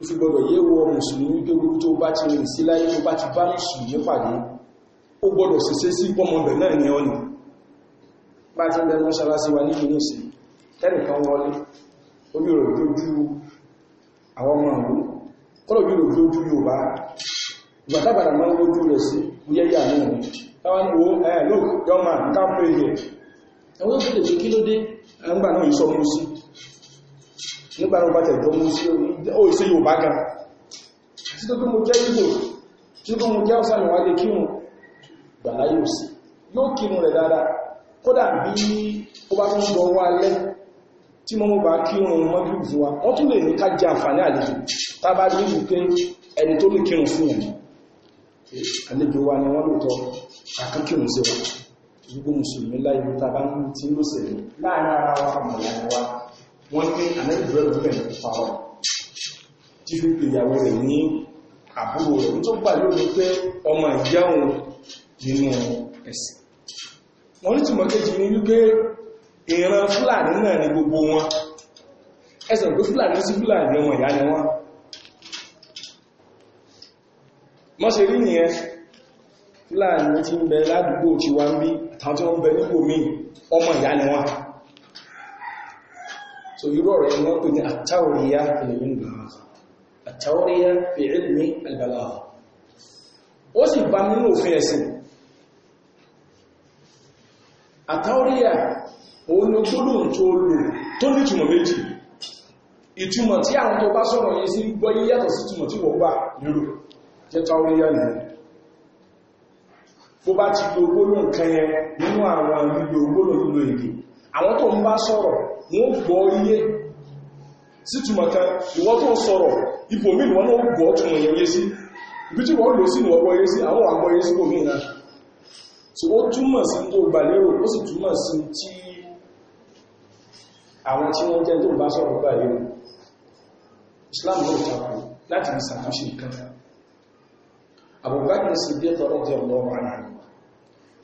ó fi gbọdọ̀ yé musulmi mùsùlùmí pé tó bá ti rìn sí láyé tó bá ti bá mùsùlùmí pàdé ó gbọdọ̀ ṣẹ̀ṣẹ̀ sí pọ́mọbẹ̀ náà ní ọ́nà bá ti bẹ̀rẹ̀ mọ́ṣálásí wa nínú ìsì tẹ́nìkan wọlé ojú àwọn ọmọ ìlú nígbà wọn bá tẹ̀gbọ́n mú sí ó ìṣe yóò bá gan tí tó tó mo jẹ́ ìgbò tí tó mo jẹ́ ọ̀sán ìwádìí kírun gbàlá yóò sí yóò kírun rẹ̀ dáadáa kódà bí ó bá tún ṣọ wá lẹ́ tí mo mú bá kírun mọ́bí fún wa wọ́n tún lè ní ká jẹ àǹfààní àlejò tá bá rí wípé ẹni tó lè kírun fún yẹn àlejò wa ni wọ́n lòótọ́ àkọ́kírun sí wa gbogbo mùsùlùmí láyé tá bá ń tí ló sẹ̀lẹ̀ láàárín ara wa àmọ̀lá wa wọ́n ní àlẹ́gbẹ̀rẹ̀ lóbẹ̀ ní fàárọ̀ tí fi pè ìyàwó rẹ̀ ní àbúrò rẹ̀ tó gbà lórí pé ọmọ ìyá òun nínú ẹ̀sìn wọ́n ní tìmọ̀ kejì ní wípé ìran ni gbogbo wọn ẹsẹ̀ pé ni wọ́n mọ́ ṣe rí nìyẹn fúlàní ti ń bẹ ládùúgbò tí wá so irú ọ̀rọ̀ yẹn wọ́n pè ní àtàwòríyá fìlìmín balaga àtàwòríyá fi ilmi albalaga ó sì bá nínú òfin ẹ̀sìn àtàwòríyá òun tó lóun tó lò tó ní ìtumọ̀ méjì ìtumọ̀ tí àwọn tó bá sọ̀rọ̀ yìí sí gbọ́ yí yàtọ̀ sí ìtumọ̀ tí wọ́n gbà lérò jẹ́ táwòríyá nìyẹn bó bá ti lo gbólóhùn kan nínú àwọn lílo gbólóhùn lílo èdè àwọn tó ń bá sọ̀rọ̀ wọ́n gbọ́ iye sítúmọ̀ kan ìwọ́n tó sọ̀rọ̀ ipò mí wọ́n náà gbọ́ túnmọ̀ ìyẹ́ sí ibi tí wọ́n lò sí ìwọ̀n gbọ́ iye sí àwọn àgbọ́ iye sí omi náà so ó túmọ̀ sí tó gbà lérò ó sì túmọ̀ sí tí àwọn tí wọ́n jẹ́ tó bá sọ̀rọ̀ gbà lérò Islam ló takò láti ìsàtúnṣe nǹkan Abubakar Siddiq radiyallahu anhu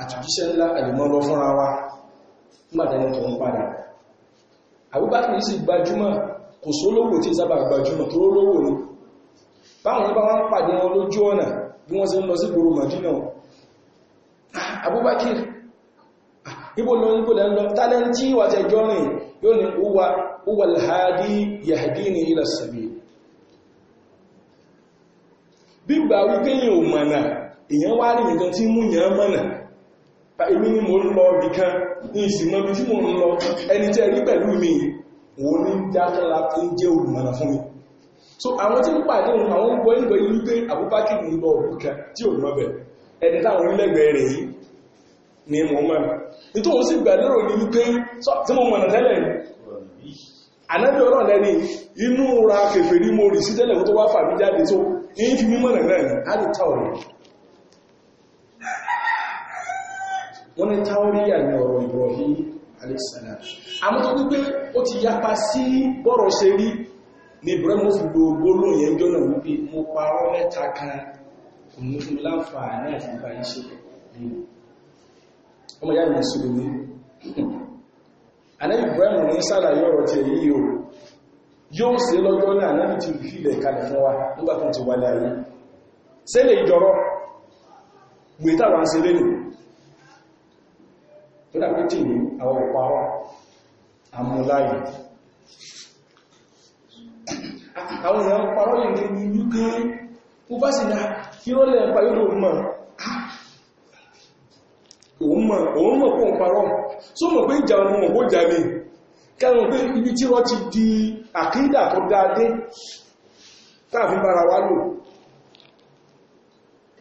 àtìjíṣẹ́ ńlá àdìmọ́lọ fúnra wa nígbàtẹ́ni tó ń padà Abubakar sì gbajúmọ̀ kò sólówò tí sábà gbajúmọ̀ tó lówó ní báwọn ní bá wọ́n pàdé wọn lójú ọ̀nà bí wọ́n sì ń lọ sí gbòrò Madina Abubakar ibo ló ń gbòdá lọ tálẹ́ntí wá rí nǹkan tí mú yàn mọ̀nà èmi ni mo ń lọ nìkan ní ìsìnmọ́ bí tí mo ń lọ ẹni tẹ́ rí pẹ̀lú mi wò ní dákẹ́lá tó ń jẹ́ olùmọ̀nà fún mi so àwọn tí ń pàdé àwọn gbọ́ ìgbọ́ yìí wípé àbúbákì ń lọ òkúkà tí ò mọ́bẹ̀ ẹni táwọn orílẹ̀-èdè rẹ̀ yìí ni mo mọ̀ ní tó wọ́n sì gbà lérò ní wípé tí mo mọ̀nà tẹ́lẹ̀ ànábì ọ̀rọ̀ lẹ́ni inú ra kèfèrí mo rì sí tẹ́lẹ̀ tó wá fàmí jáde tó wọ́n ní táóríyà ní ọ̀rọ̀ Ibrahim alẹ́sàlá àmọ́ tó wípé ó ti yapa sí bọ́rọ̀ ṣe rí ní Ibrahim ó fi gbogbo lóun yẹn jọ́nà wípé mo parọ́ mẹ́ta kan kò ní fún láǹfààní àti ìgbà iṣẹ́ ọmọ yá ìrìn sílò ní anẹ́bì Ibrahim ní sàlàyé náà ti rí ilẹ̀ kalẹ̀ fún wa nígbà ń se lẹ́nu tó dàbí tì ní àwọn ìparọ́ amúláyì àwọn èèyàn parọ́ lè ní ìlú gan ó bá sì náà ah, kí ó lẹ́ pa yóò mọ̀ ah, òun mọ̀ òun mọ̀ kó ń parọ́ só mọ̀ pé ìjà ọmọ ògbó jà ní kẹrùn pé ibi tí wọ́n ti di àkídà tó dáadé tàbí bára wá lò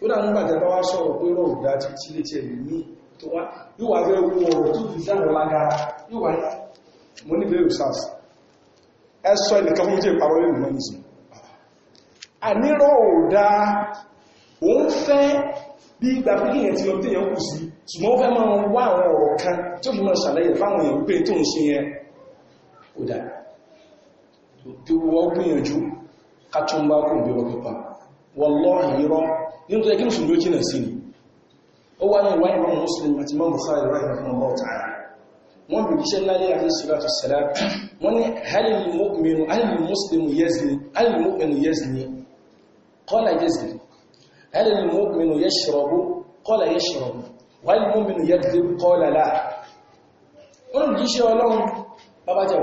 ó dà nígbàtẹ̀ bá wá sọ̀rọ̀ pé rọ̀ òdá ti tílé tẹ̀lé ní tó wá yóò wá bẹ́ẹ̀ wọ ọ̀rọ̀ tó fi sáwọn lágara yóò wá yá mo ní bẹ́ẹ̀ sars ẹ sọ ẹnìkan fún jẹ́ ìparọ́ lẹ́nu mọ́ nìsí o ò dáa òun fẹ́ bí ìgbà pé kíyàn ti lọ bí èèyàn kù sí ṣùgbọ́n ó fẹ́ máa wá àwọn ọ̀rọ̀ kan tó fi máa ṣàlàyé fáwọn èèyàn wípé tó ń ṣe yẹn ò dáa tí wọ́n gbìyànjú ká tún bá kùn bí wọ́n pípa sí ó wá ní ìwáyé wọn muslim àti mọ́ bukhari rahimahullah ta'ala wọ́n bí iṣẹ́ ńlá lẹ́yà ní sùlátù sẹ́lá wọ́n ní halil-mu'minu halil-muslimu yazni halil-mu'minu yazni qala yazni halil-mu'minu yashrabu qala yashrabu halil-mu'minu yakdhibu qala la wọ́n bí iṣẹ́ ọlọ́run bábájá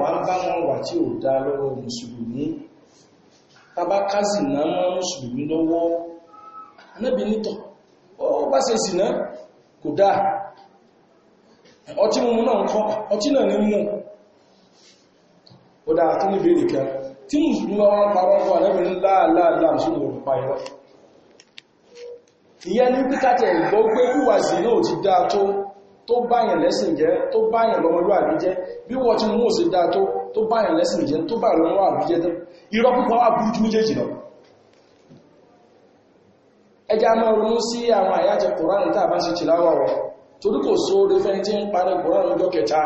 wà ó bá ṣe sì náà kò dáa ọtí mímu náà kọ́ ọtí náà ní mú ó tó ní ìbéèrè tí mùsùlùmí bá wọ́n parọ́ fún àlẹ́bìnrin láàláàlá mùsùlùmí òun pa ìyẹn ní pítàtẹ̀ ìgbọ́ pé wíwàsí náà ti tó tó báyàn lẹ́sìn jẹ́ tó báyàn bí wọ́n ti mú dáa tó tó báyàn lẹ́sìn ẹja máa ronú sí àwọn àyájẹ kòránù tàà bá ń ṣe tìláwà wọn torí kò só orí fẹ́ni tí ń parí kòránù ọjọ́ kẹta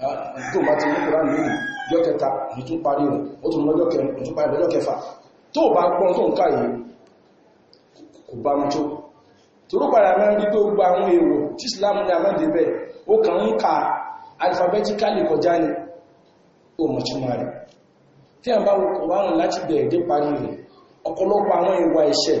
ah, tó bá ti ní kòránù lónìí ọjọ́ kẹta ní tún parí rẹ̀ ó tún lọ́jọ́ kẹrin ó tún parí lọ́jọ́ kẹfà tó bá gbọ́n tó ń ká yìí kò bá mú tó torí padà máa ń rí pé gbogbo àwọn èrò tí Islam ní amáde bẹ́ẹ̀ ó kàn ń ka alifabẹ́tíkálì kọjá ni ó rẹ̀ tí a bá wo láti bẹ̀ẹ̀ dé parí rẹ̀ ọ̀pọ̀lọpọ̀ àwọn ìwà ẹ̀ṣẹ̀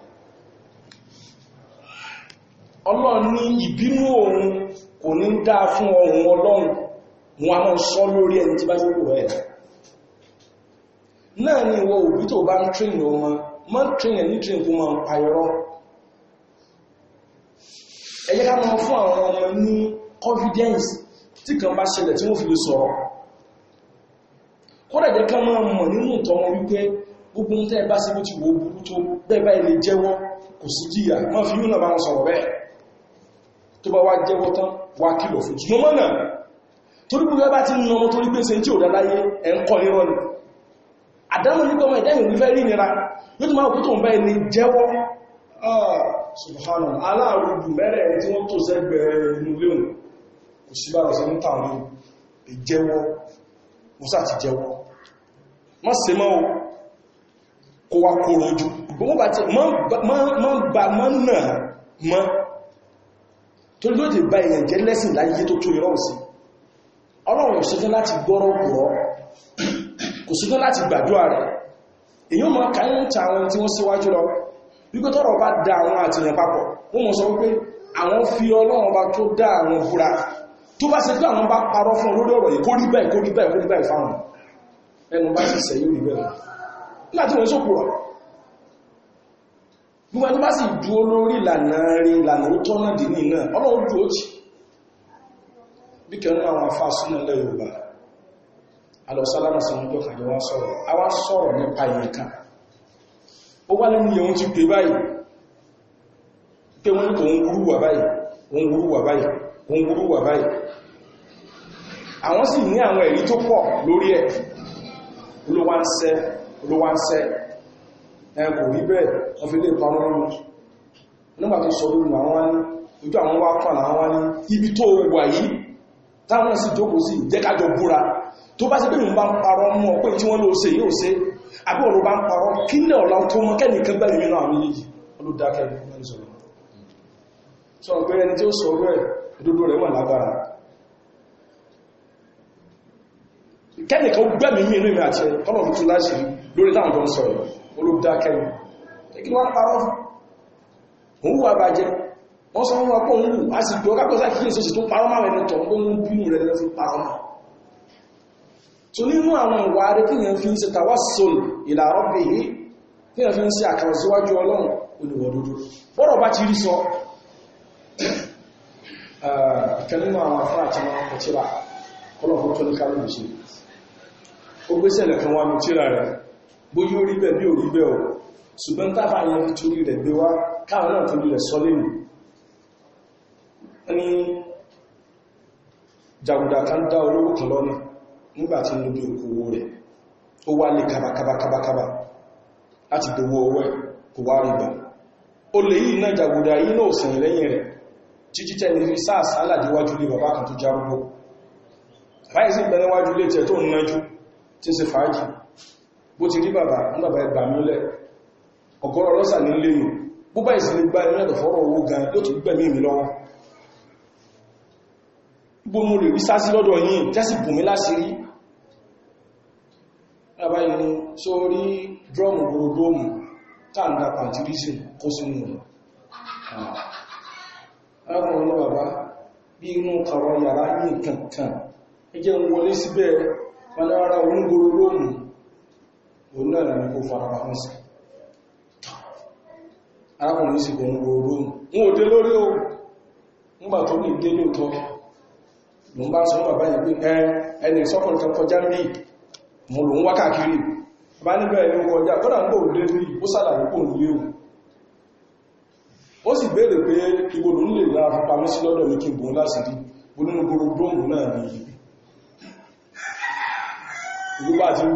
ọlọ́run ní ìbínú òun kò ní dáa fún ọrùn ọlọ́run wọn a máa sọ lórí ẹni tí bá ti kò rẹ̀ náà ni ìwọ òbí tó bá ń tírìn wọn máa ń tírìn ẹ̀ ní tírìn kó máa ń pa irọ́ ẹ jẹ́ ká máa fún àwọn ọmọ ní confidence tí kan bá ṣẹlẹ̀ tí wọ́n fi lè sọ̀rọ̀ kọ́dà jẹ́ ká máa mọ̀ nínú ìtọ́ wọn wípé gbogbo ń tẹ́ bá sí bó ti wo burú tó bẹ́ẹ̀ báyìí lè jẹ́wọ́ kò sí jìyà máa fi yún náà bá wọn sọ̀rọ̀ bẹ́ẹ̀ tó bá wá jẹ́wọ́ tán wá kìlọ̀ fún jùlọ mọ́nà torí gbogbo bá ti nà ọmọ torí pé ṣe tí ò dáláyé ẹ̀ ń kọ́ nírọ́ ni àdámọ̀ nípa ọmọ ìdáyìn ní fẹ́ rí nira yóò tó máa kú tó ń bá ẹni jẹ́wọ́ ah, subhanallah aláàrùjù mẹ́rẹ̀ tí wọ́n gbogbo bá ti mọ́ gbà mọ́ náà mọ́ tó ló lè bá èèyàn jẹ́ lẹ́sìn láyé tó tó irọ́ sí ọlọ́run ṣe fẹ́ láti gbọ́rọ̀ pọ̀ kò sí fẹ́ láti gbàdúrà rẹ̀ èyí ma ká ń ta àwọn tí wọ́n síwájú lọ wípé tọ́rọ bá da àwọn àtìyàn papọ̀ wọ́n mọ̀ sọ wípé àwọn fi ọlọ́run bá tó dá àwọn búra tó bá ṣe pé àwọn bá parọ́ fún lórí ọ̀rọ̀ yìí kó rí bẹ́ẹ̀ kó rí bẹ́ẹ̀ kó rí bẹ́ẹ̀ fáwọn ẹnu bá sì sẹ́yìn rí bẹ́ẹ̀ nígbà tí wọ́n sọ gbogbo ẹni bá sì dúó lórí ìlànà rí ìlànà òótọ́ náà dì ní náà ọlọ́run dúó jì bí kẹrin àwọn afá súnà ilẹ̀ yorùbá alọ́sálámàsán ọjọ́ kàjọ wá sọ̀rọ̀ a wá sọ̀rọ̀ nípa ìyẹ̀ká ó wá lẹ́nu yẹun ti pè báyìí pé wọ́n ní kò ń gúrú wà báyìí ẹkùn rí bẹ́ẹ̀ wọ́n fi lè pamọ́ ní nígbà tó sọ lórí àwọn wá ní ojú àwọn wá pà náà wá ní ibi tó wà yìí táwọn sì jókòó sí ìjẹ́kájọ búra tó bá sí pé ìwọ̀n bá ń parọ́ mú ọ pé tí wọ́n ló ṣe yóò ṣe àbí ọ̀rọ̀ bá ń parọ́ kí ní ọ̀la tó mọ́ kẹ́nìkan gbẹ̀rẹ̀ nínú àwọn yìí olùdákẹ́ ìgbẹ̀rẹ̀ sọ̀rọ̀ sọ pé ẹni tí ó sọ rẹ̀ ìdodo rẹ̀ wà lágbára kẹ́nìkan gbẹ̀mí mi inú ìrìn àti ọlọ́run tó láṣìí lórí táwọn tó ń sọ̀rọ̀ olùdákẹ́yìn kí wọ́n parọ́ fún òun wà bàjẹ́ wọ́n sọ wọn pọ̀ òun a sì jọ kápọ̀ sákìyèsí sí tó parọ́ máa ẹni tọ̀wọ́n gbóhun bínú rẹ̀ lọ sí parọ́ máa tó nínú àwọn ìwà rẹ̀ kí yẹn fi ń ṣe tàwásùl ìlà rabbihi kí yẹn fi ń ṣe àkàrà síwájú ọlọ́run olùwọ̀dúdú bọ́rọ̀ bá ti rí sọ eh, kẹ́lẹ́nu àwọn afárá àti wọn kọ̀ tíra ọlọ́run tó ní kálù bóyí orí o bí orí bẹ̀ ọ̀ ṣùgbọ́n tàbà yẹn fi torí rẹ̀ gbé wá káàrùn náà torí rẹ̀ sọ lẹ́nu ẹni jàgùdà kan dá olówó kan nígbàtí kabakabakaba láti owó kò wá rí ó lè yìí náà jàgùdà yìí náà sìn lẹ́yìn rẹ̀ títí tẹ́ ní sáà lé bàbá kan tó bẹ̀rẹ̀ wájú tẹ́ tó ń bó ti rí bàbá ń bàbá ẹgbà mílẹ̀ ọ̀gọ́rọ̀ lọ́sà ní léyìn púpá gbá ẹ̀dọ̀ fọ́rọ̀ owó gan yóò tún gbẹ̀mí mi lọ́wọ́ gbogbo rí lọ́dọ̀ yìí tẹ́sì bù mí láṣìírí ah. bàbá yìí só rí onu náà lè kó fara hàn sí arákùnrin sì kò ń ń lórí o ńgbà tó ní ìdé lóòtọ́ ló ń bá sọ bàbá yìí pé ẹni ìsọ́kùnrin kan kọjá ya mo lò ń wá káàkiri bá níbẹ̀ ẹni kọjá kọ́nà ń gbòòrò lé rí ó sàlàyé kò ní léwu ó sì pé ìwò ló ń lè ra sí mi láti rí náà ní ìlú bá ti ń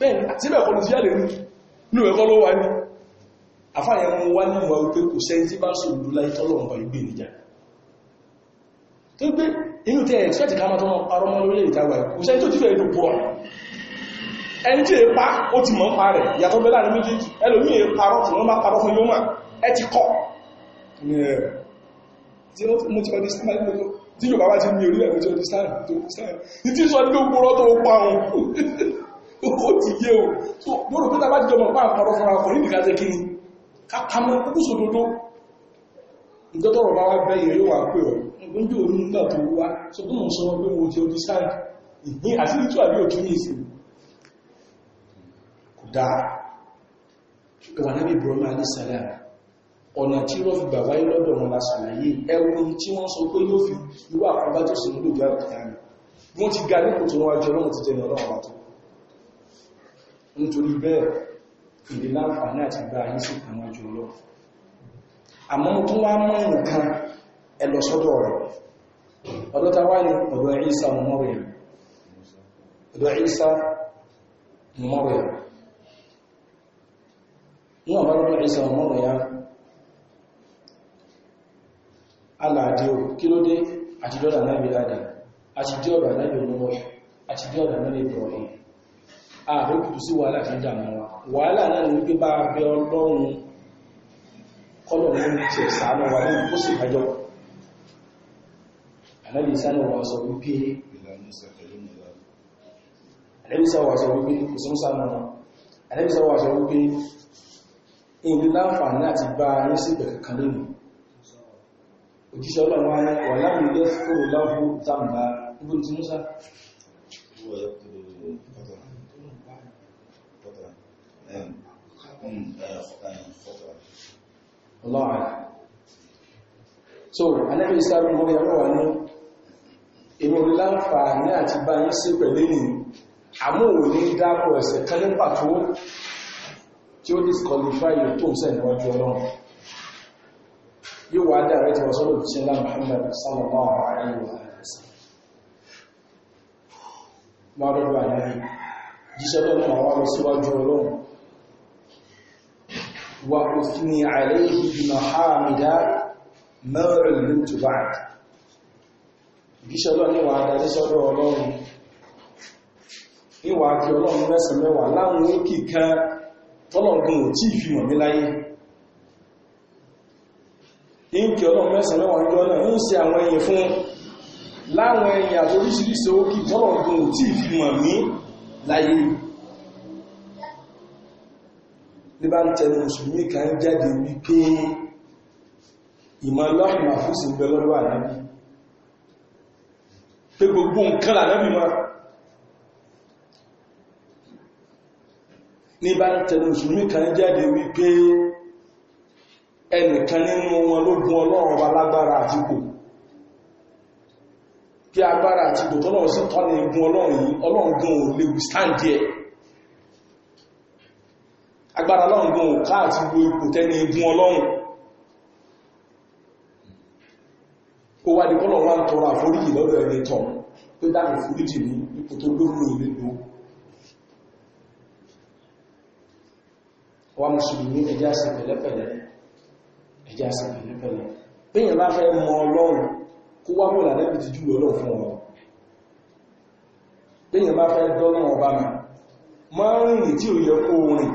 bẹ́ẹ̀ni àti bẹ́ẹ̀kọ́ ló fi yálè rí ní ẹ̀kọ́ ló wà ní àfáàyẹ̀ wọn wá ní ìwà wípé kò sẹ́yìn tí bá sòrò láì tọ́lọ̀wọ̀n bá ìgbé ìjà tó gbé inú tẹ́ ẹ̀ṣẹ́tì ká máa tọ́ parọ́ mọ́ lórí ìtawà kò sẹ́yìn tó ti fẹ́ ìlú pọ̀ ẹni tí èpa ó ti mọ́ pa rẹ̀ yàtọ̀ bẹ́lá ní méjèèjì ẹlòmí parọ́ fún wọn bá parọ́ fún yóò máa ẹ ti kọ́ mo ti ọdí sáà lọ́tọ́ tí yóò bá wá ti ní orí ẹ̀ mo ti ọdí sáà tó sáà ní sọ ní gbogbo rọ́ tó pa òun ó ti yé o so gbọ́rọ̀ pẹ́ta bá jọmọ̀ pàà pàrọ̀ fara ọkọ̀ níbi káṣẹ́ kí kàkàmọ́ púpùsù dúdú ìjọ́tọ̀rọ̀ bá wá bẹ́ ìrẹ́ yóò wà pé ọ̀ ìgbónjú orí nígbà tó wá so bí mo sọ pé mo jẹ ojú sáà ìgbín àti ìtú àbí òtú ní ìsìn kò dáa ṣùgbọ́n wọn nábì Ibrahim alayhi salam ọ̀nà tí wọ́n fi gbà wáyé lọ́dọ̀ wọn lásàlàyé ẹwọ́n tí wọ́n sọ pé yóò fi irú àkọ́bá tó sì nílò ìgbà òkè àmì wọ́n ti ga nípò tó wọ́n nítorí bẹ́ẹ̀ ìdí láǹfààní àti gba ayé sí àwọn jù lọ àmọ́ tó wá mọ́ nǹkan ẹlọ́sọ́dọ̀ rẹ̀ ọdọ́ta wá ní ọ̀dọ̀ Ìsá mọ́rìyàn ọ̀dọ̀ Ìsá mọ́rìyàn ní ọ̀bá lọ́dọ̀ Ìsá mọ́rìyàn àrókùtù sí wàhálà tí ń dà mọ́ra wàhálà náà ni wípé bá a bẹ ọlọ́run kọ́lọ̀ ní ṣe sàánà wà ní ó sì dájọ́ ànábì sánà wà sọ wípé ànábì sánà wà sọ wípé kò sún sánà wọn ànábì sánà wà sọ wípé ìlú láǹfààní àti bá a ní sí bẹ̀rẹ̀ kan lónìí òjíṣẹ́ ọlọ́run wà láàrin ilé fòrò láwọ́ tàbí tí mú sáà Allah ala. So, anábi ìsáàbí mọ́ ẹ̀rọ wà ní inú láǹfààní àti bá yí sí pẹ̀lú ní àmúhùn ní dápọ̀ ẹ̀sẹ̀ kan ní pàtó tí ó disqualify yóò tó ń sẹ́ níwájú ọlọ́run. Yóò wá dáa rẹ̀ tí wọ́n sọ́rọ̀ Muhammad وأثني عليه بمحامد موعود بعد ìgbíṣẹ́ ọlọ́run níwà adarí sọ́dọ̀ ọlọ́run níwà kí ọlọ́run mẹ́sàn mẹ́wàá láwọn oókì kan tọ́lọ̀gùn ò tí fi wọ̀n mí láyé ní kí ọlọ́run mẹ́sàn mẹ́wàá ìjọ náà ń ṣe àwọn ẹ̀yìn fún ní bá ń tẹnu mùsùlùmí kan jáde wípé ìmọ̀ lọ́pùn àfúsì ń bẹ lọ́lọ́ ànábì pé gbogbo nǹkan ànábì ma ní bá ń tẹnu mùsùlùmí kan jáde wípé ẹnìkan nínú wọn ló gun ọlọ́run wa lágbára àtìkò kí agbára àtìkò tọ́lọ́run sí tọ́ni gun ọlọ́run yìí ọlọ́run gun ò lè withstand díẹ̀ agbára ọlọ́run gùn ká àti gbogbo ipò tẹ́ni igun ọlọ́run ó wá di kọ́lọ̀ wá ń tọrọ àforíjì lọ́dọ̀ ẹni tọ̀ pé dákùn foríjì ní ipò tó lórúurú ìlú wa mùsùlùmí ẹjá sí pẹ̀lẹ́pẹ̀lẹ́ ẹjá bá fẹ́ mọ ọlọ́run kó wá mọ̀ lànà máa ń rìn tí ò yẹ kó rìn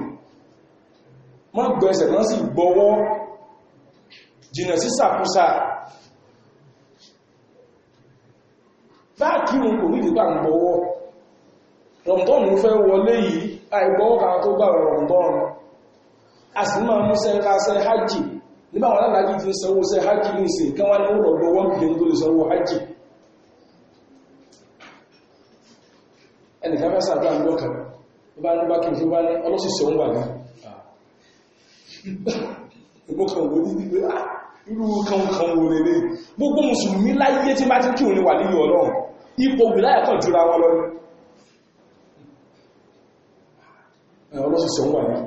wọ́n gbẹ̀ẹ́sẹ̀ wọ́n sì gbọ́wọ́ jìnà sí sàkúsà báàkì wọn kò ní ìdíkà ń gbọ́wọ́ rọ̀mdọ́nù fẹ́ wọlé yìí àìgbọ́wọ́ kan tó gbà rọ̀mdọ́nù a sì máa mú sẹ́kásẹ́ hajj nígbà wọn lálájí ti sanwó sẹ́ hajj ní ìsìn kan wá ní ó hajj ìgbókan ah, gbogbo mùsùlùmí láyé tí bá ti kí òní wà nílò ọlọ́run ipò wìláyà kan jura wọn lọ ọlọ́sọ̀sọ̀ wà ní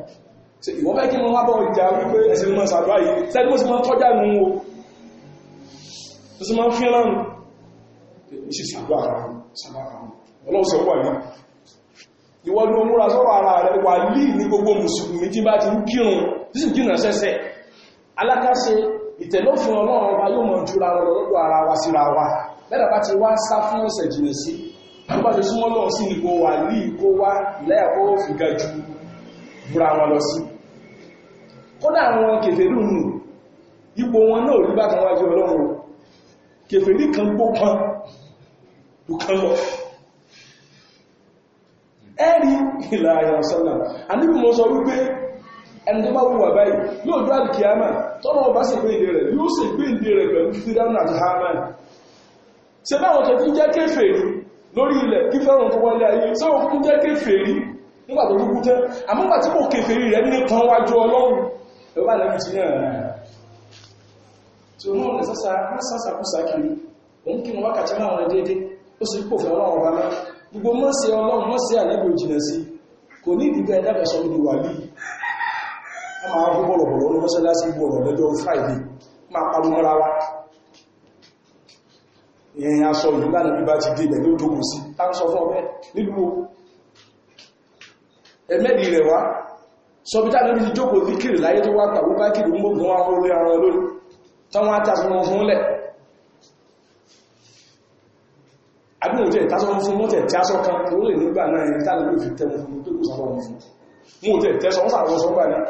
ìwọ́n fẹ́ kí wọ́n wá bọ́ ìjà wípé ẹ̀sìn mọ́ sàdọ́ yìí sẹ́gbẹ́ sí máa tọ́jà nù o wàlí ní gbogbo mùsùlùmí tí bá ti ń kírun tí sì jìnà sẹ́sẹ̀ alákàṣe ìtẹ̀lófin ọlọ́run wa yóò mọ̀ jura wọn lọ́dọ̀ ara wa síra wa lẹ́dà bá ti wá sá fún ẹ̀sẹ̀ jìnà sí tó bá ti súnmọ́ lọ́run sí nìkó wàlí kó wá lẹ́ẹ̀kọ́ fi ga ju búra wọn lọ sí kódà àwọn kèfèrí nù ipò wọn náà rí bákan wájú ọlọ́run kèfèrí kan gbó kan lù kan lọ ẹ̀rí ìlà àyànsánà àníbì mọ́ sọ wípé ẹni tó bá wùwà báyìí yóò dá àdìkìyàmà tọ́nà ọba sì gbé ìdè rẹ̀ yóò sì gbé ìdè rẹ̀ pẹ̀lú fídánù àti haman ṣe báwọn tó tún jẹ́ kéfèrí lórí ilẹ̀ kí tó wọlé ayé fún nígbà tó tí ní kan wájú ọlọ́run lẹ́yìn tí náà tó òun kí wọn wákàtí gbogbo mọ́sí ọlọ́run mọ́sí àlébò ìjìnà sí kò ní ìdígbà ẹ̀dàgbàsọ́ ní wàlí a máa gbogbo ọ̀rọ̀ ní mọ́sálásí gbọ́rọ̀ lọ́jọ́ friday máa parú mọ́ra wá ìyẹn aṣọ ìlànà bí bá ti dé ìbẹ̀ ló dókò sí tá ń sọ fún ọbẹ̀ nílùú ẹ̀mẹ́dì rẹ̀ wá sọ bí tábí ti jókòó zikiri láyé tó wá tàbí bá kìrì mọ́gbọ́n àwọn olórin àwọn olórin táwọn atásùn wọn fúnlẹ̀ àbí ìtásọ́ fún mọ́tẹ̀ tí a sọ kan ó lè nígbà náà ẹni tàbí ló fi tẹ́mù fún tó kò sábà wọn fún mú tẹ̀ tẹ́sọ wọ́n sàrọ̀ sọ́gbà náà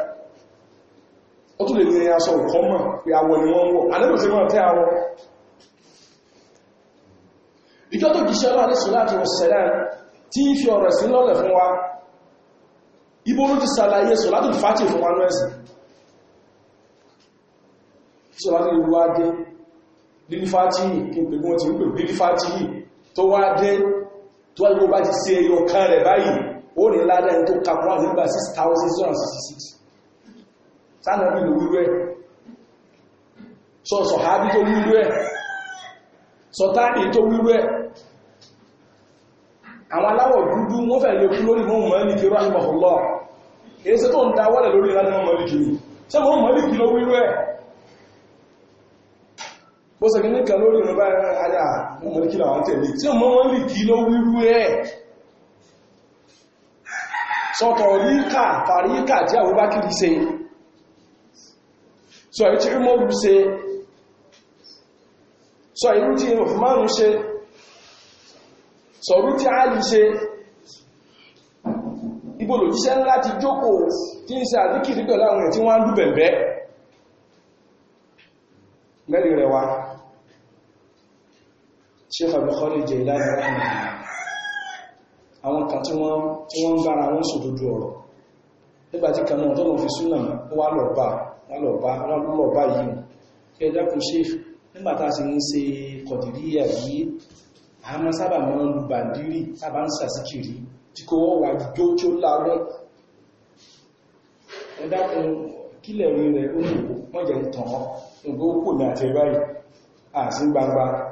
ó tún lè ní ẹyà sọ ọ̀kọ́ mọ̀ pé àwọ̀ ni wọ́n wọ̀ alẹ́bò tí wọ́n kí n pè bí wọ́n ti ń pè lílífàtì yìí tó wá dé tó wá gbogbo bá ti ṣe ẹyọ kan rẹ̀ báyìí ó ní ládá ẹni tó kàkùnrà nígbà 6,666 sánàbí ló wíwẹ́ sọ sọ̀hábí tó wíwẹ́ sọ̀táàdì tó wíwẹ́ àwọn aláwọ̀ dúdú wọ́n fẹ́ lè kú lórí mọ́ mọ́lìkì rahimahullah èyí sí tó ń dáwọ́lẹ̀ lórí ìlànà mọ́lìkì ni ṣe mọ́ mọ́lìkì ló wíwẹ́ bó sọ kí ní kan lórí ìrọ̀bá ayà ah, mọ̀ kí làwọn tẹ̀lé tí ọmọ wọn lè kí ló wíwú ẹ̀ sọ́tọ̀ ríkà tàríkà tí àwọn bá kìí ṣe sọ èyí tí Umaru ṣe sọ èyí tí Uthmanu ṣe sọ̀rú tí Ali se ìbòlò jíṣẹ́ ńlá ti jókòó tí ń ṣe àdíkìrí pẹ̀lú àwọn ẹ̀ tí wọ́n ń lú bẹ̀bẹ̀ mẹ́rin rẹ̀ wá Sheikh Al-Bukhari Jailani rahimahullah àwọn kan tí wọ́n tí wọ́n ń bára wọn sòdodo ọ̀rọ̀ nígbàtí kan náà tọ́lọ̀ fi súnà wà lọ́ọ̀bá lọ́ọ̀bá yìí kí ẹjá kò ṣe nígbàtà sí ń ṣe kọ̀dìríyà yìí a máa sábà máa ń lu bàndírì sábà ń sàsíkiri tí kò wọ́n wà jó yìí àti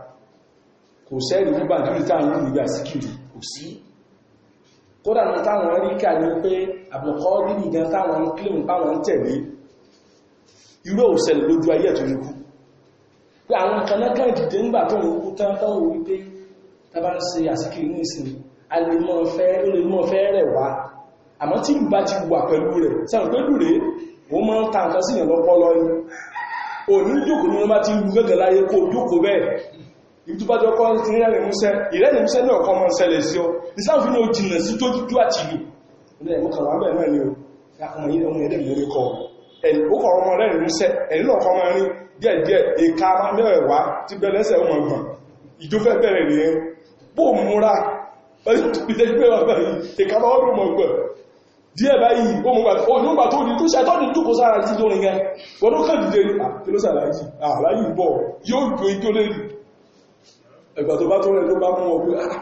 kò sẹ́rì ní bàdúrí táwọn ìgbà síkìrì kò sí kódà ní táwọn rí ká ní pé àbùkọ́ nínú ìdán táwọn kílùm táwọn tẹ̀lé irú òṣèlú lójú ayé ẹ̀tọ́ ikú pé àwọn kanákan dìde ńgbà tó ń kú tán táwọn orí pé tàbá ń ṣe àsìkiri ní ìsinmi a lè mọ́ fẹ́ rẹ̀ wá àmọ́ tí ìgbà ti wà pẹ̀lú rẹ̀ sẹ́rùn pẹ̀lú rẹ̀ wọ́n máa ń ta nǹkan sí ìyàn lọ́pọ̀lọ́ ni òní jókòó ní wọ́n bá ti rú gẹ́gẹ́ láyé kó jókòó bẹ́ẹ̀ ìtúbájọ́ kọ́ ní ìrẹ́lẹ̀ múṣẹ́ ìrẹ́lẹ̀ múṣẹ́ náà kọ́ mọ́ ṣẹlẹ̀ sí ọ ìsáàfin ní ojìnà sí tó dúdú àti ìlú díẹ̀ báyìí ó mọ̀ gbàtí òun nígbà tó ní tó ṣe tọ́dún tó kò sára sí tó rí gẹ́ wọ́n tó kàn dìde ní àtìlọ́sà láìsí àláyìí bọ̀ yóò gbé tó lérí ẹgbà tó bá tó rẹ̀ ló bá mú ọgbẹ́ ah,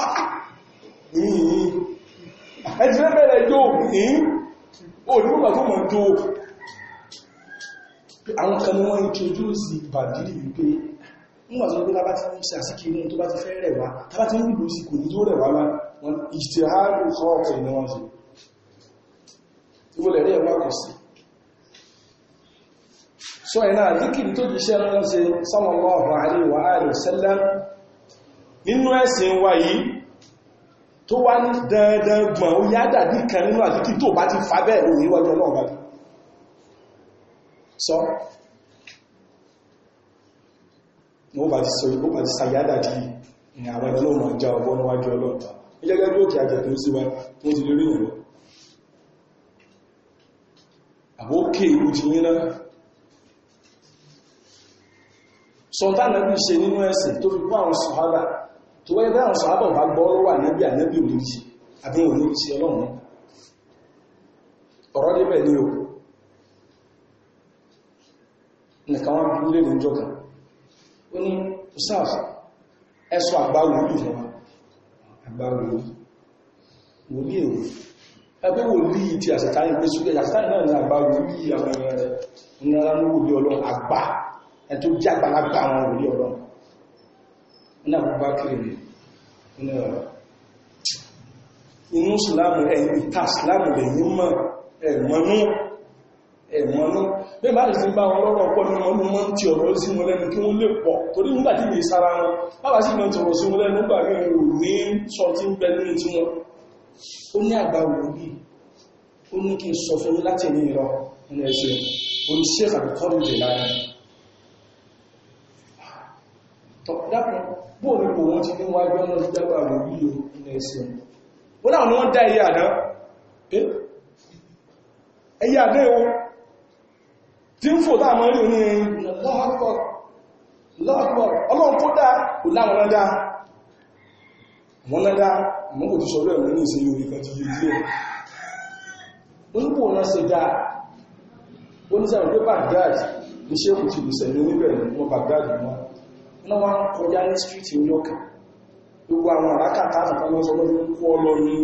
ah, ah, ẹ̀jẹ́ bẹ̀rẹ̀ yóò ní olùgbà tó mọ̀ tó àwọn kan wọ́n introduce bàdìrì wípé nígbà tó gbéra bá ti ń ṣe àsìkí inú tó bá ti fẹ́ rẹ̀wá tàbá ti ń gbìbò sí kò ní tó rẹ̀wá wọn ìṣẹ́ àárùn kọ́ ọ̀pẹ̀ ìnáwọ́n sí so ina zikiri tó jíṣẹ́ lọ́nà sí sallallahu alaihi wa alihi wasallam nínú ẹ̀sìn wa yìí tó wá ní dandan gbọ̀n ó yádà ní kan nínú àzikiri tó bá ti fa bẹ́ẹ̀ lórí wájú ọlọ́ọ̀bá sọ ó bá ti sọ ó bá ti sàyádà jù ní àwọn òkè àjẹ̀ tó sọ̀tá nàbí ṣe nínú ẹ̀sìn tó fi kún àwọn sọ̀hábà tó wáyé dáhùn sọ̀hábà bá gbọ́ lọ́wọ́ ànábì ànábì òlìṣẹ́ àbí òlìṣẹ́ ọlọ́run ọ̀rọ̀ débẹ̀ ní o nìkan wọn bí lè níjọ kan ó ní usaf ẹsọ àgbáwòlú fún wa àgbáwòlú wòlíì èrò ẹgbẹ́ wòlíì ti àṣẹ̀táyìn pé ṣúgbẹ́ ẹ̀ tó jẹ́ àgbàlagbà àwọn òwúrí ọ̀rọ̀ ní àbúgbà kiri ní ọ̀rọ̀ inú ìsìlámù ẹ̀yìn ìta ìsìlámù lẹ́yìn mọ́ ẹ̀mọ́nú ẹ̀mọ́nú bí bá lè fi bá wọn lọ́rọ̀ pọ̀ ní wọn mọ́ tí ọ̀rọ̀ sí wọn lẹ́nu kí wọ́n lè pọ̀ torí nígbà tí lè sára wọn bábá sì mọ́ tọ̀rọ̀ sí wọn lẹ́nu gbà rí ẹ̀rọ ní sọ tí ń bẹ nínú tí wọn ó ní àgbà wòlíì ó ní kí n sọ fún láti ní ìrọ̀ nínú ẹ̀sẹ̀ oníṣẹ́ àbíkọ́rù jẹ̀ kò wọ́n ti ní wájú ọmọ ti dábà rẹ̀ yíò ní ẹsẹ̀ wọn láwọn ni wọ́n dá ẹyẹ àdá ẹyẹ àdá ẹwọ tí ń fò táàmọ́ rí oní ọlọ́run kó dá kò láwọn náà dá wọ́n náà dá wọ́n kò ti sọ bẹ́ẹ̀ ní ìsinmi orí kan ti yé díẹ̀ onípò náà ṣe dáa oníṣẹ́ àwọn pé Baghdad ní ṣe kò ti bùsẹ̀ ní oníbẹ̀rẹ̀ wọn Baghdad wọn lọ́wọ́ kọjá ní stíìtì olókà gbogbo àwọn àrákàtà àtàkà lọ́sọ lọ́dún ń kú ọlọ ní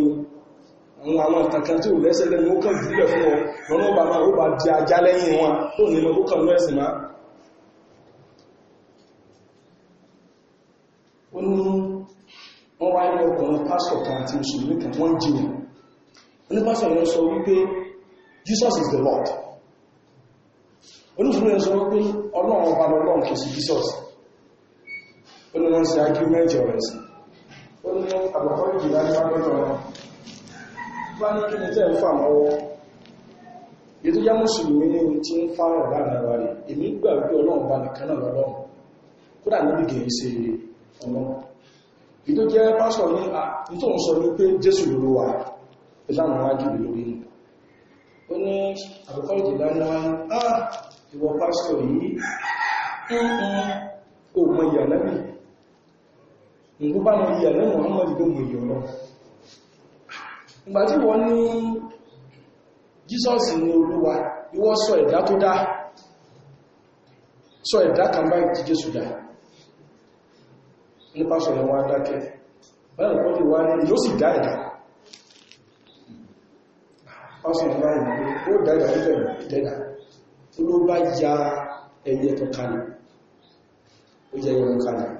àwọn àwọn kankan tí ò lẹ́sẹ̀ lẹ́nu ó kàn sílẹ̀ fún ọ lọ́nà ọba máa ó bá di ajá lẹ́yìn wọn tó nínú ó kàn lọ́ẹ̀sìn máa ó ní wọ́n wá ní ọkùnrin pásọ̀ kan àti mùsùlùmí kan wọ́n jìyàn onípásọ̀ yẹn sọ wípé Jesus is the Lord onísùlùmí yẹn sọ wípé ọlọ́run ọba lọ́lọ́run kìí sí Jesus ó ní wọ́n ṣe ágímẹ́ntì ọ̀rọ̀ ẹ̀sìn ó ní àgbàkọ́ ìjìlá ní pápẹ́tọ̀ wọn ni tẹ́ ń fà mọ́wọ́ èyí tó já mùsùlùmí ní ohun tí ń fárọ̀ láàrin ara rẹ̀ èmi gbà wípé ọlọ́run bá nìkan náà lọ́lọ́run kódà níbi kìí ṣe ọlọ́run èyí tó jẹ́ ìgbó bá lọ yí ẹ̀lẹ́ Muhammadu gbogbo èèyàn lọ ìgbàtí wọ́n ní Jesus ní olúwa sọ ẹ̀dá tó dá sọ ẹ̀dá kan báyìí Jésù dá nípa sọ adákẹ́ ti wá ní yóò sì dá ẹ̀dá pásọ̀ ìgbàyìí ó ẹ̀dá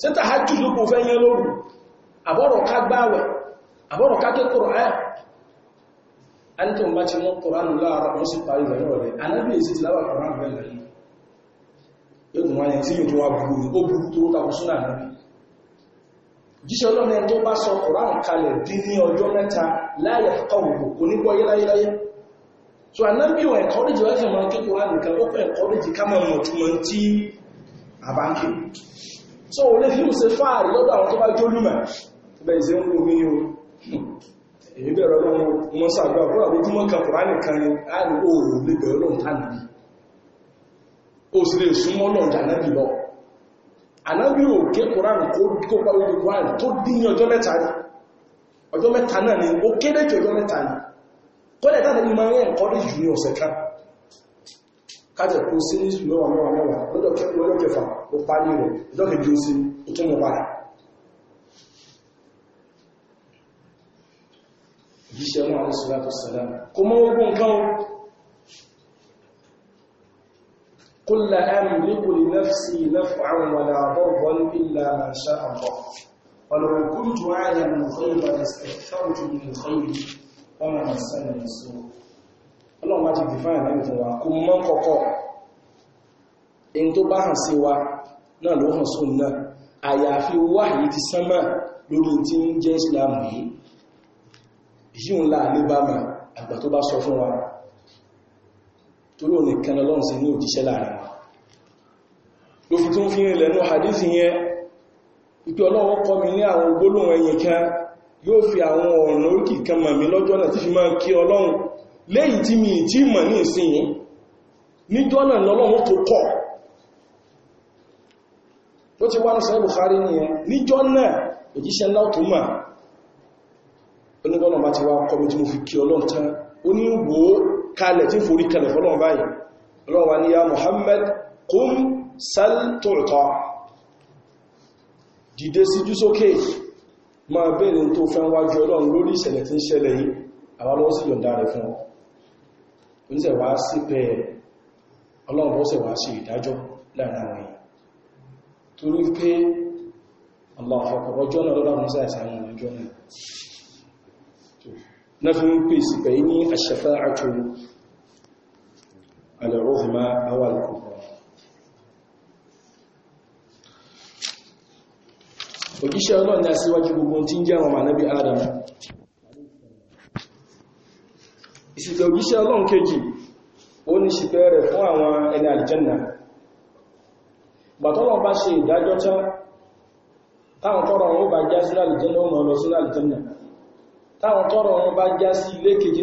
ṣe tàhájú ló kò fẹ́ yẹn lóru àbọ̀rọ̀ ká gbáwẹ̀ àbọ̀rọ̀ ká ké Kùránì a ní tó ń bá ti wọ́n Kùránì láàárọ̀ wọ́n sì parí rẹ̀ lọ́rẹ̀ alábìyè sí ti láwà Kùránì rẹ̀ lẹ́yìn yóò tún wáyé tí yóò tún wá burú ó burú tó ká fún súnà náà jíṣẹ́ ọlọ́run ẹni tó bá sọ Kùránì kalẹ̀ dín ní ọjọ́ mẹ́ta láyà kọ̀wùkù kò ní gbọ́ yẹ́láyẹ́láyẹ́ so anábì wọn ẹ̀kọ́rìjì wáṣẹ̀ mọ́ kí Kùránì nìkan ó fẹ́ ẹ̀kọ́rìjì ká mọ̀ mọ̀ túnmọ̀ tí àbáńkì so o lè fi ń ṣe fáàrí lọ́dọ̀ àwọn tó bá jó lùmọ̀ bẹ́ẹ̀ ìṣẹ́ ń o èyí bẹ̀rẹ̀ ọlọ́run wọn sàgbà fún àbójúmọ́ kan kùránì kan ni a ní oòrùn lè bẹ̀rẹ̀ ọlọ́run tánàbí ó sì lè súnmọ́ lọ́n jànábì lọ ànábì ò ké kùránì kó bá wípé kùránì tó dín ní ọjọ́ mẹ́ta ni ọjọ́ mẹ́ta náà ni ó kéde kí ọjọ́ mẹ́ta ni kọ́lẹ̀ tánàbí máa ń rẹ̀ ẹ̀kọ́ jù ní ọ̀sẹ̀ kan kájẹ̀ kó sí ní ìṣù mẹ́wàá mẹ́wàá mẹ́wàá lọ́dọ̀ kẹ́kọ̀ọ́ lọ́dọ̀ kẹfà ó parí rẹ̀ lọ́dọ̀ kẹjì ó sí ìtúnmọ̀ padà jíṣẹ́ mọ́ alẹ́sùlátò sàlám kó mọ́ ogun kan kó la'ámi nípò lè nafsi naf'an wà láàbọ̀ wọn illa ma sha Allah ولو كنت أعلم الغيب لاستكثرت من الخير وما مسني السوء ọlọ́run bá ti define ànábì fún wa kò mọ́ kọ́kọ́ in tó bá hàn sí wa náà ló hàn sóun náà àyàfi wáyé ti sánmà lórí tí ń jẹ́ ìsìlámù yìí yíò ńlá alébámà àgbà tó bá sọ fún wa torí òní kan ọlọ́run sí ní òjíṣẹ́ láàrin wa ló fi tún fi ń lẹ́nu hadithi yẹn ìpé ọlọ́run kọ́ mi ní àwọn yóò fi àwọn ọ̀nà oríkì kan mọ̀ mí lọ́jọ́ náà ti fi máa kí ọlọ́run lẹ́yìn tí mi tí mọ̀ ní ìsinyìí níjọ́ náà lọ́lọ́run tó kọ̀ tó ti wá ní sọ́rọ̀ Bukhari ní ẹ níjọ́ náà òjíṣẹ́ ńlá tó mà onígbọ́nà bá ti wá kọ́ mi tí mo fi kí ọlọ́run tán ó ní wò ó kalẹ̀ tí forí kalẹ̀ wa ní ya Muhammad qum sal tu'ta dìde síjú sókè máa bẹ́ẹ̀ ni tó fẹ́ wájú ọlọ́run lórí ìṣẹ̀lẹ̀ tí ń ṣẹlẹ̀ yìí àwọn lọ́wọ́ sí rẹ̀ fún ọ oníṣẹ́ wá sí pé ọlọ́run ó sì wá sí ìdájọ́ láàrin àwọn èèyàn torí pé ọlọ́ọ̀fọ̀kọ̀rọ̀jọ́ náà lọ́lọ́run sí àṣàrin ìrìnàjò náà na fi ń pè sí pẹ̀yí ní àṣàfáàtò alẹ́rọ̀fìmá awàlùkọ̀kọ̀ òjíṣẹ́ ọlọ́run ní síwájú gbogbo tí ń jẹ́ àwọn mànábí adam ìṣìpẹ̀ òjíṣẹ́ ọlọ́run kejì ó ní ṣìpẹ̀ rẹ̀ fún àwọn ẹni àlìjẹ́nà bàtọ́lọ̀ bá ṣe ìdájọ́ tán táwọn tọ́rọ wọn bá já sí àlìjẹ́nà lọ sí àlìjẹ́nà táwọn tọ́rọ wọn bá já sí ilé kejì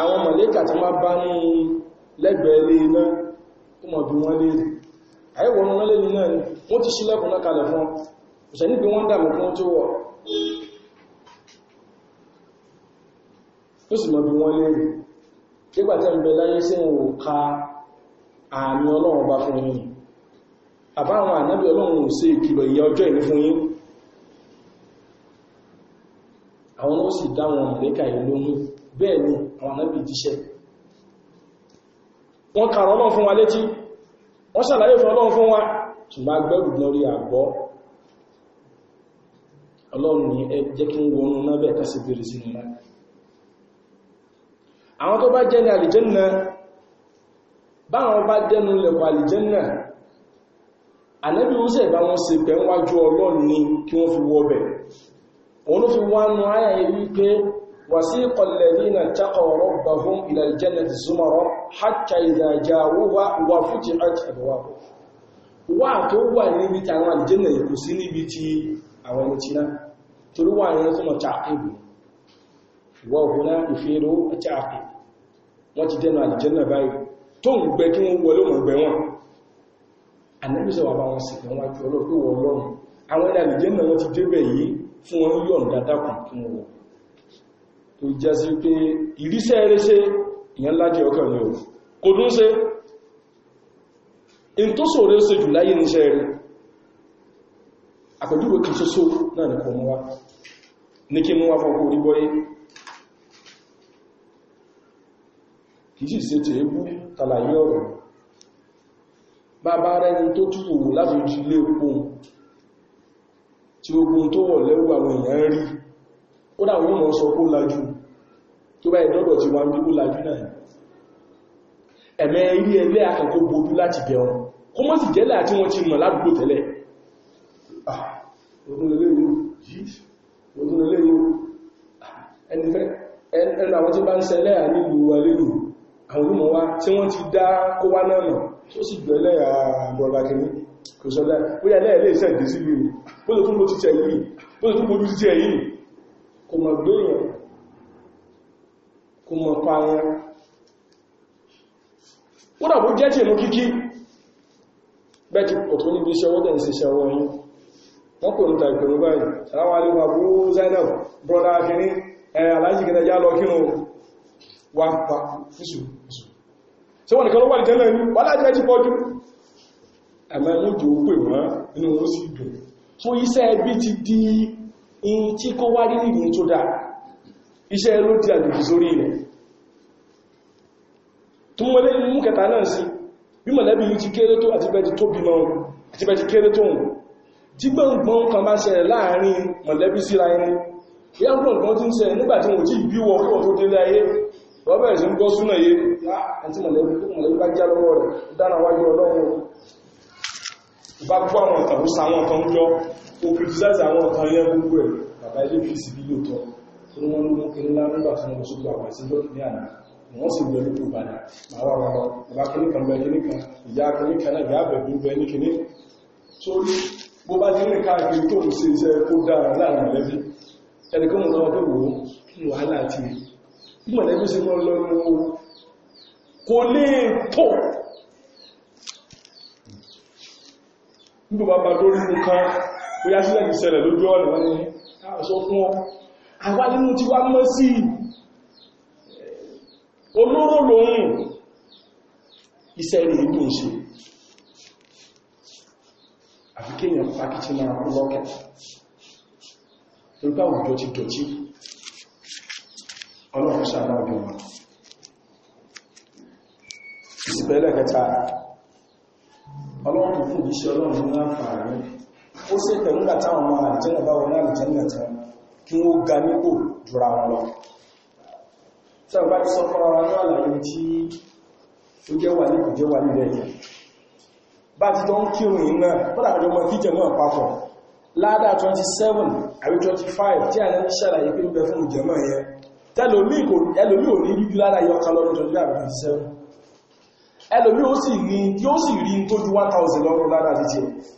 àwọn mọ̀lẹ́kà tí wọ́n bá ní lẹ́gbẹ̀ẹ́ lé iná ó mọ̀ bí wọ́n lè rí àìwọ̀n wọ́n lè ní náà ni wọ́n ti ṣílẹ̀kùn náà kalẹ̀ fún ìṣẹ́ níbi wọ́n dàmù fún tó wọ̀ ó sì mọ̀ bí wọ́n lè rí nígbàtẹ́ ń bẹ láyé sí wọn bẹ́ẹ̀ ni àwọn ànábì jíṣẹ́ wọ́n kàrọ ọlọ́run fún wa létí wọ́n ṣàlàyé fún ọlọ́run fún wa ṣùgbọ́n agbẹ́rù lórí àgbọ́ ọlọ́run ní ẹ jẹ́ kí ń wọnú nábẹ̀ kásì bèèrè sí nìlá àwọn tó bá jẹ́ ní àlìjẹ́nà báwọn bá jẹ́nu lẹ̀kọ̀ àlìjẹ́nà ànábì ó sì bá wọn ṣe bẹ̀ ń wájú ọlọ́run ní kí wọ́n fi wọ́ bẹ̀ òun ló fi wá nu áyà yìí wípé وسيق الذين اتقوا ربهم إلى الجنة زمرا حتى إذا جاءوها وفتحت أبوابها wà tó wà níbi tí àwọn àlìjẹ́nà yìí kò sí níbi tí àwọn ẹni tí náà torí wà ní ẹ̀sùn ọ̀tà àkẹ́bù wọ́n òkú ti dẹ́nu àlìjẹ́nà báyìí tó ń gbẹ kí wọ́n wọlé mọ̀ tó jẹ́ sí pé ìrísẹ́ ẹrẹsẹ́ ìyẹn lájẹ́ ọkọ̀ ní o kò dún sí in tó sòrò ó sì jù láyé níṣẹ́ rẹ̀ àpẹjúwò kan ṣoṣo náà nìkan mú wá ní kí mú wá fọ́kó orí bọ́yé ni tó túwò láti ojúlé òpó tí ogun tó wọ̀ lẹ́wọ̀ àwọn èèyàn rí ó dà wọ́n mọ̀ sọ kó lajú tó bá ìdọ́dọ̀ ti wá ní kó lajú náà ẹ̀mẹ́ ilé ẹlẹ́ akẹ́kọ̀ọ́ bojú láti bẹ̀ wọn kó mọ́ sì jẹ́lẹ̀ àti wọ́n ti mọ̀ ládùúgbò tẹ́lẹ̀ ah, ah, ẹnu àwọn tí bá ń ṣẹlẹ̀ nílùú wa lélùú àwọn olùmọ̀ wa tí wọ́n ti dá kó wá kò sọ́lá bóyá lẹ́ẹ̀lẹ́ ìṣẹ́ ìdí sí lórí tó mọ́ ti tẹ̀ yìí kò mọ̀ gbéyàn kò mọ̀ pààyàn wọ́n dàbó jẹ́ tí èmú kíkí bẹ́ẹ̀kì ọ̀tún níbi iṣẹ́ wọ́n tẹ̀lẹ̀ iṣẹ́ wọ́n yìí wọ́n kò níta ìpẹ̀lú báyìí aláwọ̀ alẹ́wà búrú Zainab brọ́dá akẹni ẹ̀rẹ̀ alájì kẹta já lọ kírun wà pa fíṣù tí wọ́n nìkan ló wà ní tẹ́lẹ̀ ní wọ́n láti ẹjí pọ́jú ẹ̀mẹ́ mú jò ó pè wọ́n inú ó sì dùn tó iṣẹ́ ẹbí ti di in tí kọ́ wá rí nìyí tó dáa iṣẹ́ ló di àgbègbè sórí rẹ̀ tó mọ́ lé mú kẹta náà sí bí mọ̀lẹ́bí yìí ti kéré tó àti bẹ́ẹ̀ ti tóbi mọ́ àti bẹ́ẹ̀ ti kéré tó hùn tí gbọ́ngbọ́n kan bá ṣẹlẹ̀ láàárín mọ̀lẹ́bí síra ẹni ìyá gbọ́ngbọ́n ti ń tí ń gbọ́ ó kìrìtíláìsì àwọn ọ̀kan ilẹ̀ gbogbo ẹ̀ bàbá ilé fi sí bí tọ́ tó wọ́n ló mú ńlá nígbà kan lọ sókè àwọn ìsinjọ́ kìíní àná wọ́n sì lọ lókè padà máa wà wọn bàbá kan bẹ kìíní kan ìyá kìíní kan náà ìyá bẹ̀bí bẹ ní kìíní tó bó bá ti rìn káàkiri tó ń ṣe iṣẹ́ kó dára láàrin mọ̀lẹ́bí bóyá sílẹ̀ ti ṣẹlẹ̀ lójú ọ̀nà wọn ni sọ fún ọ àwa nínú ti wá mọ́ sí olóró lòun iṣẹ́ rẹ̀ ìlú ń ṣe àfi kéèyàn pàkìtì náà lọ́kẹ̀ torípá òjò ti dọ̀tí ọlọ́run sáà náà bí wọn ìsìnbẹ̀lẹ̀ kẹta ọlọ́run fún ìṣẹ́ ọlọ́run ní láǹfààní ó sì pẹ̀lú àtàwọn ọmọ àlìjẹ́nà bá wọn àlìjẹ́nà tán kí wọ́n ga nípò jùra wọn lọ tí a ti sọ fọ́ra wọn náà láyé tí ó jẹ́ wà ní ìjẹ́ wà nílẹ̀ yẹn bá ti tó ń náà àjọ papọ̀ 27 25 tí a ní ṣàlàyé pé ń bẹ fún yẹn ò ní rí yọ 27 ẹlòmí ó sì rí tó ju 1000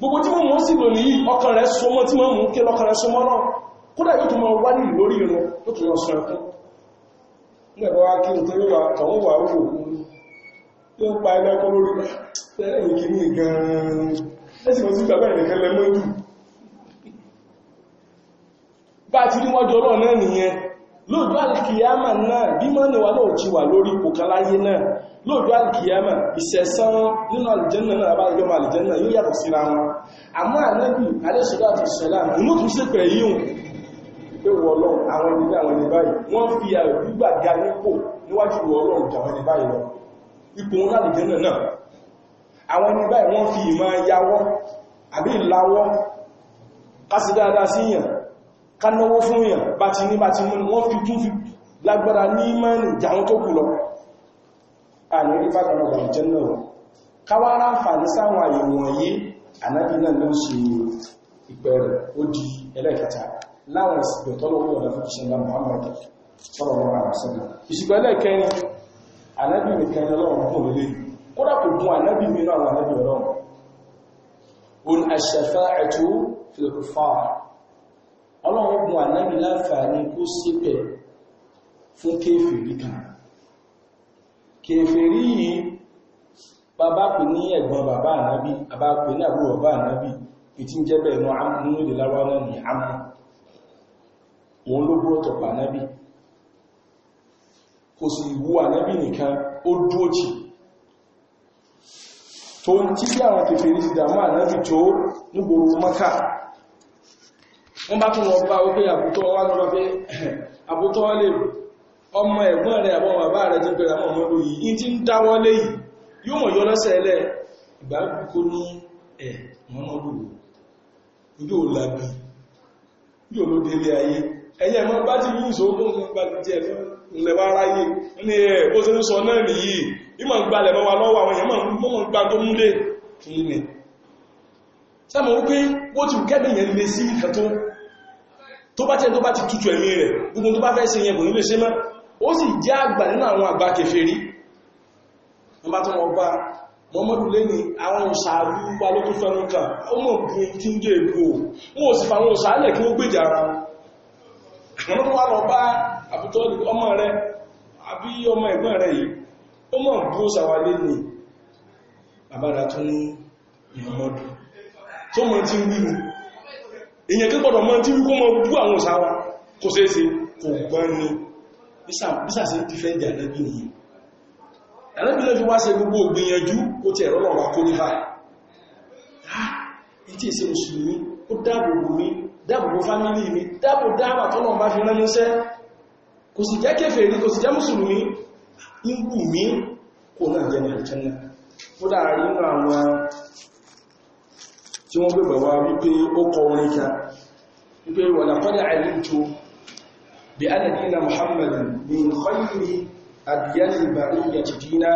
gbogbo tí mo mọ́ sí lò ní ọkàn rẹ̀ sọmọ́ tí máa mú kí lọ́kàn rẹ̀ sọmọ́ náà kódà yóò tún máa wá nílùú lórí irun yóò tún lọ sọ ẹkún nígbàgbọ́ wá kí n tó yóò tọ̀hún wà ó wò yóò pa ẹgbẹ́ ẹkọ́ lórí ah, ẹ̀yìn kìíní gan-an ẹ̀sìn mo sì gbàgbọ́ ẹ̀nìkan lẹ́mọ́dù bá ti rí wájú ọlọ́ọ̀ náà nìyẹn lóòjọ́ alìkìyàmà náà bí mọ́ ni wà náà ti wà lórí ipò kan láyé náà lóòjọ́ alìkìyàmà ìṣẹ̀sán nínú alìjẹ́nà náà bá ìjọmọ̀ alìjẹ́nà yóò yàtọ̀ síra wọn àmọ́ ànábì alẹ́sọ̀dáàtì sọ̀lá inú tún sí pẹ̀ yíò pé wọ́lọ́n àwọn ẹni àwọn ẹni báyìí wọ́n fi àrẹ̀ gbígbà ga nípò níwájú wọ́lọ́n jàwọn ẹni báyìí lọ ipò wọn alìjẹ́nà náà àwọn ẹni báyìí wọ́n fi ìmọ̀ yawọ́ àbí kánáwó fún èèyàn bá ti ní bá ti mú wọ́n fi tún fi lágbára ní mẹ́rin ìjàun tó kù lọ àní rí fàtàrà wà jẹ́ náà káwàrá fàní sáwọn àyè wọ̀nyí ànábì náà ló ṣe ìpẹ̀rẹ̀ ó di ẹlẹ́kẹta láwọn ìsìnkú tọ́lọ́wọ́ ọ̀nà fún ìṣẹ́lá Muhammad sọ́rọ̀ wọn àwọn sọ́nà ìṣìnkú ẹlẹ́kẹrin ànábì nìkan lọ́wọ́ ọlọ́run gun ànábì láǹfààní kó síbẹ̀ fún kéfèrí kan kéfèrí yìí bàbá pè ní ẹ̀gbọ́n bàbá ànábì bàbá pè ní àbúrò bàbá ànábì ìtí ń jẹ́bẹ̀ ẹ̀nà amúnúdè lára náà ní amú òun ló búrọ̀ tọ̀pá ànábì kò sì wú ànábì nìkan ó dúó tó ń tí sí àwọn kèfèrí ti dàmú ànábì tó nígboro mọ́kà wọ́n bá tún lọ bá ó pé àbútọ́ wá lọ́wọ́ pé àbútọ́ lè ọmọ ẹ̀gbọ́n rẹ̀ àbọ̀ bàbá rẹ̀ jẹ́ pẹ̀lú àwọn ọmọ yìí in ti ń dáwọ́ léyìí yóò mọ̀ yọ lọ́sẹ̀ ẹlẹ́ ìgbàgbùkó ní ẹ̀ mọ́nà lòwò yóò lábí yóò ló délé ayé ẹ̀yẹ mọ́ bá ti yìí sókún fún gbàgbìjẹ́ fún sẹ́mọ̀ wípé bó ti kẹ́bìyàn lè sí ìkàtó tó bá tẹ́ tó bá ti tútù ẹ̀mí rẹ̀ gbogbo tó bá fẹ́ ṣe yẹn kò ní lè ṣe mọ́ ó sì jẹ́ àgbà nínú àwọn àgbà kèfèrí wọ́n bá tó wọ́n bá mọ́mọ́dù lẹ́ni àwọn òṣàlú wa ló tó fẹ́nu kan ó mọ̀ bí i tí ń jẹ́ èkó wọn ò sì fa àwọn òṣàlẹ̀ kí wọ́n gbèjà ara wọn wọ́n wá lọ bá àbútọ́ ọmọ rẹ̀ àbí ọmọ ẹ̀gbọ́n rẹ̀ yìí ó mọ̀ bí ó ṣàwà lẹ́ni bàbá ní ìmọ̀mọ́dù tó mọ̀ tí ń wí èyàn kí gbọ́dọ̀ mọ́ tí wíkó mọ́ bú àwọn òsáwá kò ṣe é ṣe kò gbọ́n ní bísàsí ti fẹ́ jẹ́ ànábì nìyí ànábì náà fi wá ṣe gbogbo ògbìyànjú kó ti ẹ̀rọ lọ́wọ́ kó ní báyìí ìtì ah, ìṣe mùsùlùmí ó dáàbò bò mí dáàbò bò fámílì tí wọ́n gbẹ̀gbẹ̀ wá wípé ó kọ orin ká wípé wàlàkọ́dà àìlújò bí alàdínà muhammadin min kọ́yìnrí àdìyàní bàríyà ti dínà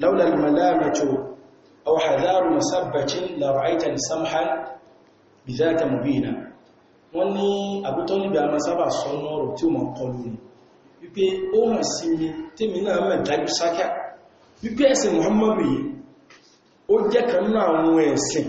laula malamatu aw hadaru musabbatin la ra'aita samhan bi zaka mubina wọ́n ní abuto ni bi ama saba so noro tí ó mo wípé ó mo si mi tèmi náà ma dájú saka wípé ẹ̀sìn muhammadu yìí ó jẹ́ kan náà àwọn ẹ̀sìn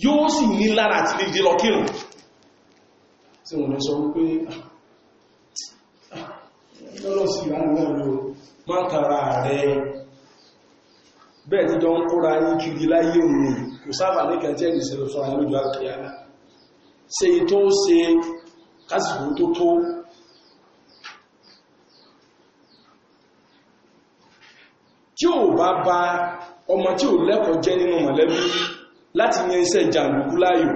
yóò sì ní lára àti lè dé lọ kírùn tí wọ́n lọ sọ wípé ah, ah, lọ́lọ́ sí ìrànlọ́rọ̀ máa tara rẹ̀ bẹ́ẹ̀ tí jọ ń kóra ní kiri láyé òní kò sábà níkan jẹ́ ìṣẹ̀lẹ̀ fún àlójú àkíyàrá ṣe tó ṣe kásìkò tó tó tí ò bá bá ọmọ tí ò lẹ́kọ̀ọ́ jẹ́ nínú mọ̀lẹ́bí láti yan iṣẹ́ jàǹdùkú láàyò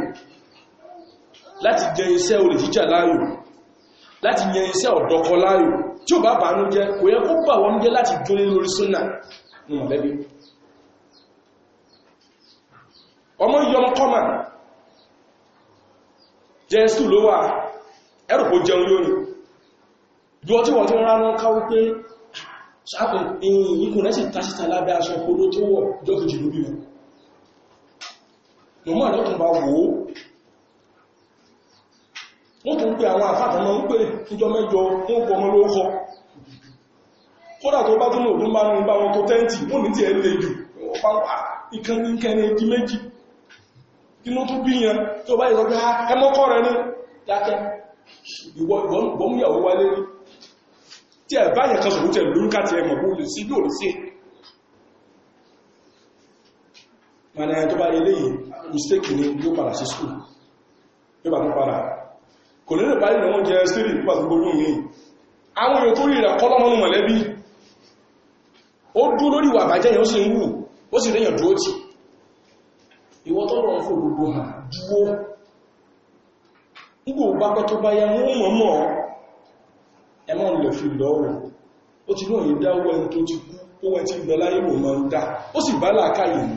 láti yan iṣẹ́ olè jíjà láàyò láti yan iṣẹ́ ọ̀dọ́kọ láàyò tí ó bá bàánú jẹ́ kò yẹ kó bà wọ́n jẹ́ láti jólé lórí súnà mọ̀lẹ́bí ọmọ yọm kọ́mà jẹ́ sùn ló wà ẹrù jẹun yóò ní ju ọtí wọ́n tí wọ́n ránú ká wípé sáàpù ìyíkùn sì tásítà lábẹ́ aṣọ kó ló tó wọ̀ jọ́kìjì lóbi wọn lòmọ́ ìlú tún bá wò ó wọ́n tún pé àwọn àfáàtàmọ́ ń pè níjọ mẹ́jọ wọ́n pọ̀ ọmọ lóókọ kódà tó bá tún òdún bá ní bá wọn tó tẹ́ǹtì wọ́n ní tí ẹ lè jù ìkànnì kẹrin di méjì inú tún bí yẹn tó bá ìsọ́gbá ẹmọ́kọ́ rẹ ní dákẹ́ ìwọ̀n ìgbọ́mìyàwó wálé tí ẹ̀ báyẹ̀ kan sọ̀rọ̀ tẹ̀ lórúkà tí ẹ mọ̀ bó lè sí lóòrè sí mọ̀nà ẹ̀ tó bá ilé mistake ni yóò padà sí school yóò bá tó padà kò lérò parí ní wọ́n jẹ stiri púpà tó gbogbo mi àwọn èèyàn tó rí ìrà kọ́lọ́mọ́nù mọ̀lẹ́bí ó dúró lórí ìwà àbájẹ́ yẹn ó sì ń wù ó sì lẹ́yìn dúró tì ìwọ́n tó rọrùn fún gbogbo hàn dúró nígbò bá pẹ́ tó bá yá wọ́n mọ̀ mọ̀ ẹ mọ́ lè fi lọ́rùn ó ti lóyìn dáwọ́ ẹni tó ti kú ó wẹ́ ti gbẹ láyé wò mọ́ ń dá ó sì bá láàkáyè mú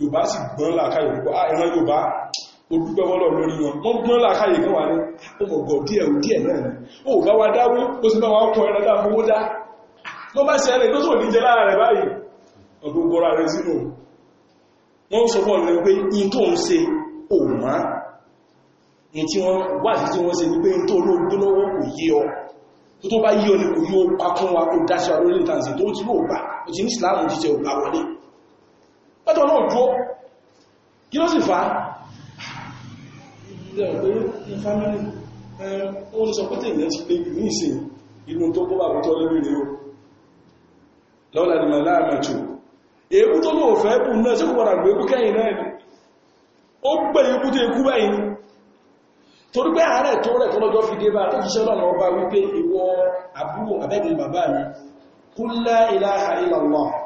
Yorùbá sì gbọ́n làákàyè púpọ̀ ah, ẹran Yorùbá ó dúpẹ́ fọ́lọ̀ lórí wọn wọ́n gbọ́n làákàyè kan wà ní ọmọgọ̀ díẹ̀ díẹ̀ náà ni ó bá wa dáwó ó sì bá wa kọ ẹran dáa fowó dá ló bá ṣe ẹrẹ tó sọ ní jẹ lára rẹ báyìí ọdún gbọ́ra rẹ sínú wọ́n sọ fún ọ̀rẹ́ pé in tó ń ṣe òmá in tí wọ́n wà sí tí wọ́n ṣe wípé in tó olóògbé lọ́wọ́ kò yé ọ tó tó bá yí ọ ni kò yí ó pakún wa kò dáṣà lórí ìtànsì tó ti lóògbà ò ti ní ìsìláàmù jíjẹ ògbà pẹ́tọ̀ náà dúó kí ló sì fà á ilẹ̀ ọ̀pẹ́ ní fámílì ó ń sọ pé tí ìyẹn ti lè ní ìsìn inú tó kó bàbá tó lórí rẹ̀ lọ́la ni màá láàmàtò èébú tó lóò fẹ́ bù náà sí kò padà gbé kú kẹ́yìn náà ni ó gbẹ̀ ikú tó ikú torí pé ààrẹ tó rẹ̀ tó lọ́jọ́ fi dé bá tó jíṣẹ́ lọ́nà ọba wípé ìwọ àbúrò abẹ́gbẹ̀ bàbá mi kúlá ilaha illallah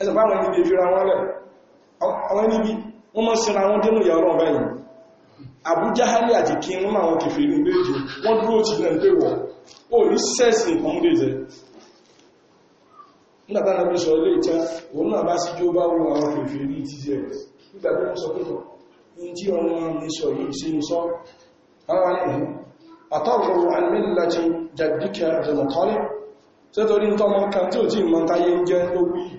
ẹsẹ̀ bá wọn ibi ìfira wọn lẹ̀ àwọn níbi wọ́n mọ́ sínú àwọn dínú ìyà ọlọ́run báyìí àbújá hálì àti kí wọ́n máa wọn kèfè ní méjì wọ́n dúró ti náà pé wọ́n ó ní sẹ́ẹ̀sì nǹkan mú dèzẹ̀ nígbàtà náà sọ ilé ìtẹ́ òun náà bá sí jó bá wọn àwọn kèfè ní ti jẹ́ nígbà tó sọ pé ní tí ọ̀run wọn ní sọ yìí sí ní sọ ara nìyí àtọ́rọ̀ àmìlẹ́lẹ́tì jàdíkẹ́ àjọmọ̀tọ́lẹ̀ tẹ́tọ́rí ń tọ́mọ kan tí ò tí ì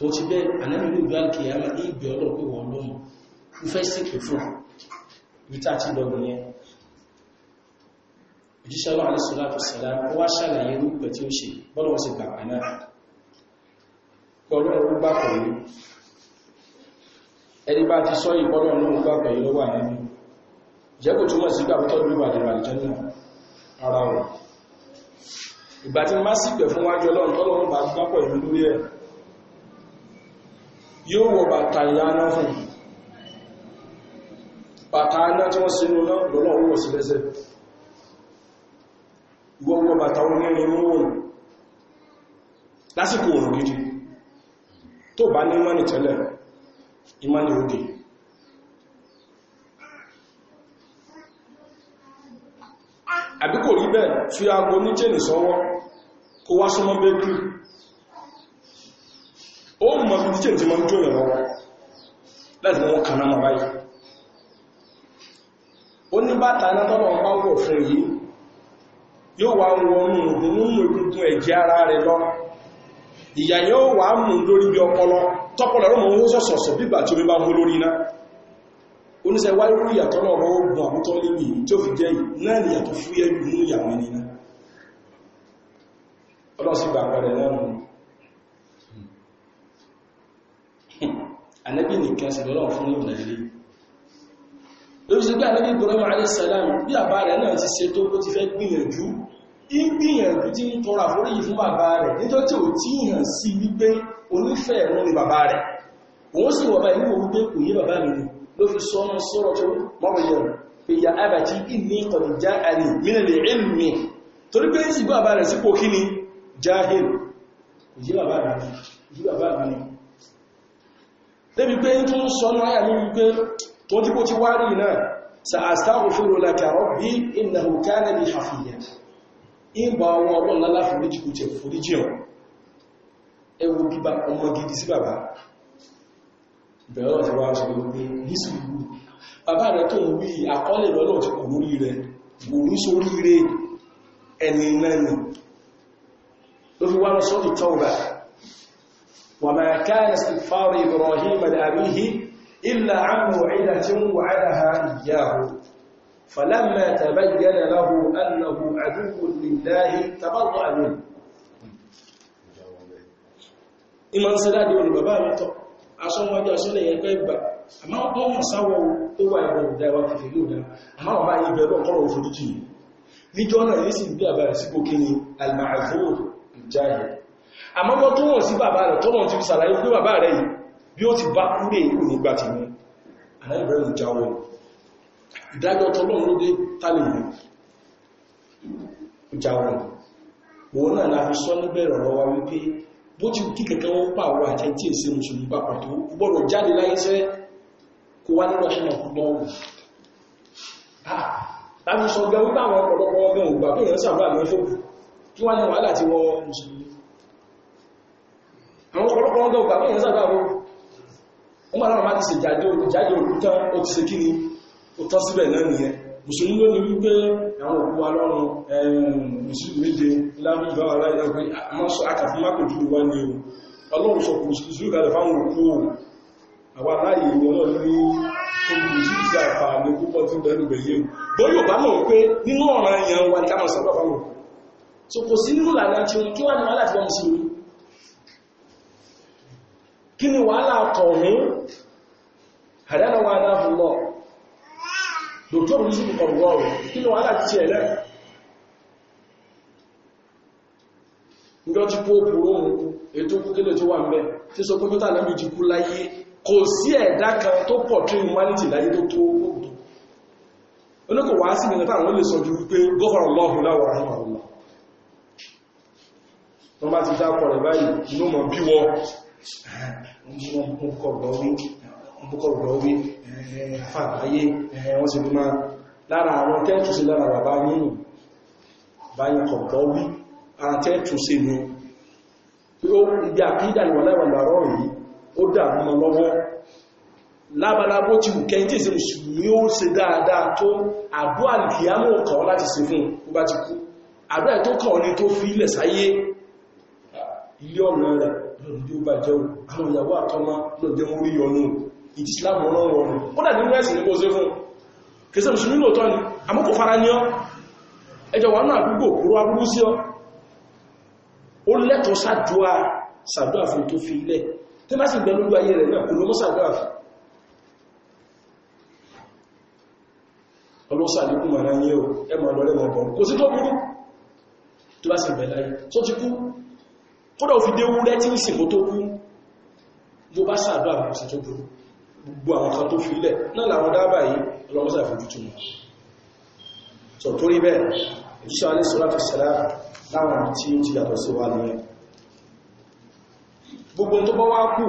tó ti bẹ́ anábìlú ìjọ alkiyama ìgbé ọlọ́pẹ́ wọ́n lọ́mù fífẹ́ síkì fún ìta ti lọ́gbìn yẹn òjíṣẹ́ lọ́wọ́ alẹ́sọ́láàtù sẹ́lá ó wá ṣàlàyé rúpẹ̀ tí ó ṣe bọ́lọ̀ wọ́n sì gbà pẹ̀ náà pọ̀lọ́run gbà pẹ̀lú ẹni bá ti sọ ìpọ́lọ́run gbà pẹ̀lú lọ́wọ́ àyẹ́mí jẹ́kù túnmọ̀ ìgbà tí má sì pẹ̀ fún wájú ọlọ́run tọ́lọ́run bá gbà pẹ̀lú lórí ẹ̀ yóò wọ bàtà ìyáná fún bàtà aná tí wọ́n sínú náà lọ́nà wọ́n sí lẹ́sẹ̀ gbogbo bàtà onírin mọ́wọ̀n lásìkò òrùn gidi tó bá ní mọ́ni tẹ́lẹ̀ ìmọ́ni òdì àbíkò rí bẹ́ẹ̀ fi aago ní jẹ́ kó wá súnmọ́ bẹ́ẹ̀ O mọ̀ sí tíṣẹ́ tí máa ń jóyàn na láti na kaná ya onye ó ní bàtà anátọ́lọ̀ bá wọ̀ fún yìí yóò wá wọnú nínú egungun ẹ̀jẹ̀ ara rẹ̀ lọ ìyà yóò wà mú lórí bí ọpọlọ tọ́pọlọ rọ̀mọ̀ owó tí bá mú lórí iná wáyé náà ogun tí ó fi náà ìyàwó ànábì nìkan sì lọ́lọ́ fún ìrìnà ilé lórí sí pé ànábì Ibrahim alayhi salam bí àbá rẹ̀ náà ti ṣe tó kó ti fẹ́ gbìyànjú ń gbìyànjú tí ń tọrọ àforíyìn fún bàbá rẹ̀ nítorí tí ò tí hàn sí wípé onífẹ́ ẹ̀rọ ni bàbá rẹ̀ òun sì wọ̀bá ìwò wípé kò yí bàbá mi ló fi sọ́nà sọ́rọ̀ tó mọ́rọ̀yàn pé ya abàtí ìní ọ̀dì já àrí mílẹ̀ ìlmi torí pé ń sì bàbá rẹ̀ sípò kí ni jahil yí bàbá mi débi pé ń tún sọ́nà ayà ní wípé tó dípò ti wá rí náà sa'astaghfiru laka rabbi innahu kana bi hafiyya ìgbà ọwọ́ ọlọ́lá foríjì kò jẹ foríjì ọ̀ ẹwọ bíbá ọmọ gidi sí bàbá bẹ̀rẹ̀ ti wá sọ pé nísìlú bàbá rẹ̀ tó ń wí àkọọ́lẹ̀ lọ́lọ́ ti kò lórí rẹ̀ kò ní sórí وما كان استغفار إبراهيم لأبيه إلا عن موعدة وعدها إياه فلما تبين له أنه عدو لله تبرأ منه ìmọ̀ sílá di olùgbà bá rẹ̀ aṣọ́wọ́jọ́ sílẹ̀ yẹn pẹ́ gbà àmá sáwọ́ tó wà ìwọ̀n ìdáwà fìfì ló dá àmá ọba ibẹ̀ lọ kọ́rọ̀ òfurujì níjọ́ náà yìí sì bí àbára sípò kí ni al àmọ́ wọ́n tó wọ̀n sí bàbá rẹ̀ tọ́lọ̀ ti fi sàlàyé pé bàbá rẹ̀ yìí bí ó ti bá kúrè ìlú nígbà ti mú aláìbẹ̀rẹ̀ ìjáwọ̀ ìdájọ́ tọ́lọ̀ ló dé tálẹ̀ yìí ìjáwọ̀ òun náà la fi sọ níbẹ̀rẹ̀ ọ̀rọ̀ wa wípé bó ti kí kẹ̀kẹ́ wọ́n pa àwọn àti tí èsì mùsùlùmí papọ̀ tó gbọ́dọ̀ jáde láyé sẹ́ tí wọ́n àwọn ọ̀pọ̀lọpọ̀ wọn gbà fún ìrìnsà gbàgbọ́ wọn máa láwọn ti ṣe jáde olùjáde olùtán ó ti ṣe kí ni ó tán síbẹ̀ náà nìyẹn mùsùlùmí ló ní wípé àwọn òkú wa lọ́rùn mùsùlùmí méje lábíjọ́ aláìyàgbé àmọ́sọ akàfún mákòjú wa ni o ọlọ́run sọ mùsùlùmí kalẹ̀ fáwọn òkú o àwọn aláyè ni ọlọ́run ní olùmùsùlùmí sí àǹfààní púpọ̀ tí bẹ̀rù bẹ̀yẹ o bóyí ò bá ní kí ni wàhálà kọ̀ọ̀mí àdánàwà adáfúnlọ́ dr olùsùn kọ̀ọ̀rọ̀ kí ni wàhálà ti ẹ̀lẹ́ ìjọ́jú kó pòrò òun ètò kúkílẹ̀ tó wà mẹ́ tí sọ pípítà náà méjì kú láyé kò sí ẹ̀dá kan tó pọ̀ tí humanity láyé tó tó gbogbo olókò wá sí ìrìnlẹ̀ táwọn lè sọ ju wípé gọ́fàrán lọ́hùn láwọ̀ àrùn àwọn wọ́n kọ̀ rọ̀wí fàgbáyé wọ́n sì máa lára àwọn tẹ́ẹ̀tù sí lára bàbá nínú báyìí kọ̀ rọ̀wí ara tẹ́ẹ̀tù sí ní ibi àkídà ìwọ̀lẹ́wọ̀lẹ́rọ̀ yìí ó dàrú mọ́ lọ́wọ́ lábalábó ti wù kẹ́yìn tí ìsẹ́ mùsùlùmí ó ṣe dáadáa tó àdó àlìkìyàmọ̀ kọ̀ láti ṣe fún ó bá ti kú àdó àìtókọ̀ ní tó fi ilẹ̀ sáyé ilé ọ̀nà rẹ̀ lórí bí ó bá jẹ́ àwọn ìyàwó àtọ́mọ́ lọ jẹ́ orí yọnú ìdísílám ọ̀rọ̀ wọn ó dà nínú ẹ̀sìn nípo ṣe fún kìsẹ́ mùsùlùmí lóòtọ́ ni àmọ́ kò fara ní ọ ẹjọ́ wà náà gbogbo òkúrò agbúrú sí ọ ó lẹ́tọ̀ sàdúà sàdúà fún tó fi ilẹ̀ tí má sì gbẹ̀lú ayé rẹ̀ náà kò ló mọ́ sàdúà fún ọlọ́sàdúkùn mọ̀ náà ní ọ ẹ kódà ò fi dé wúrẹ́ tí ń sìnkó tó kú yóò bá sàádọ́ àwọn ọ̀sẹ̀ tó burú gbogbo àwọn kan tó filẹ̀ náà làwọn dábà yìí ọlọ́mọ́sà fi jútù mọ̀ sọ torí bẹ́ẹ̀ ìjíṣẹ́ alẹ́ sọ́lá fi sẹ́lá láwọn tí tó bá wá kù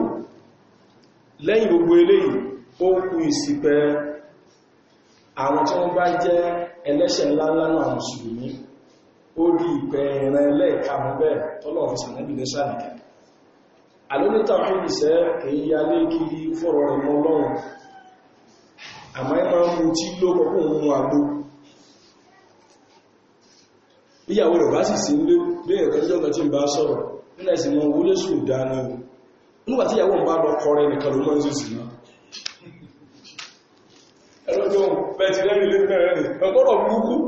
ó rí ìpẹ ẹ̀rẹ lẹ́ẹ̀kanú bẹ́ẹ̀ tọ́lọ̀ fi sànẹ́bì lẹ́ sànìkà alónítà fíìsẹ́ èyí alé kiri fọ́rọ̀ rẹ̀ mọ́ lọ́rùn àmọ́ ẹ máa ń mú tí ló kọ́kún ohun àgbó ìyàwó rẹ̀ bá sì sí ń lé ẹ̀kọ́jọ́kọ́ tí ń bá sọ̀rọ̀ nílẹ̀ sí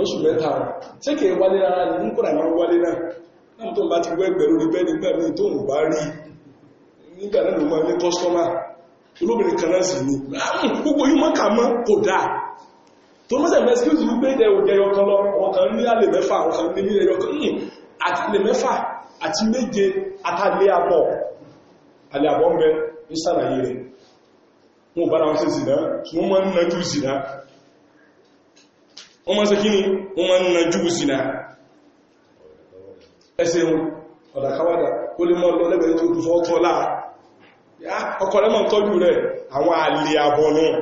oṣù mẹ́ta tí kèé wálé rárá ní ń kọ́nà máa wálé náà náà tó bá ti wẹ́ gbẹ̀rún ní bẹ́ẹ̀ nígbà ní tó ń bá rí nígbà náà ló máa ní kọ́sọ́mà olóbìnrin kan náà sì ní gbogbo yìí mọ́ kà mọ́ kò dáa tó mọ́sẹ̀ mẹ́síkìsì wípé ìdẹ̀ òjẹ yọkan lọ ọkàn ní alẹ́ mẹ́fà ọkàn ní ilẹ̀ yọkan ní àti ilẹ̀ wọ́n máa ṣe kí ni wọ́n máa ń na jù sí náà ẹsẹ̀ wọn ọ̀dàkáwàdà kó lè mọ́ lọ lẹ́gbẹ̀ẹ́ tó dùsọ́ ọkọ̀ láà ọkọ̀ rẹ̀ máa ń tọ́jú rẹ̀ àwọn àlè àbọ̀ náà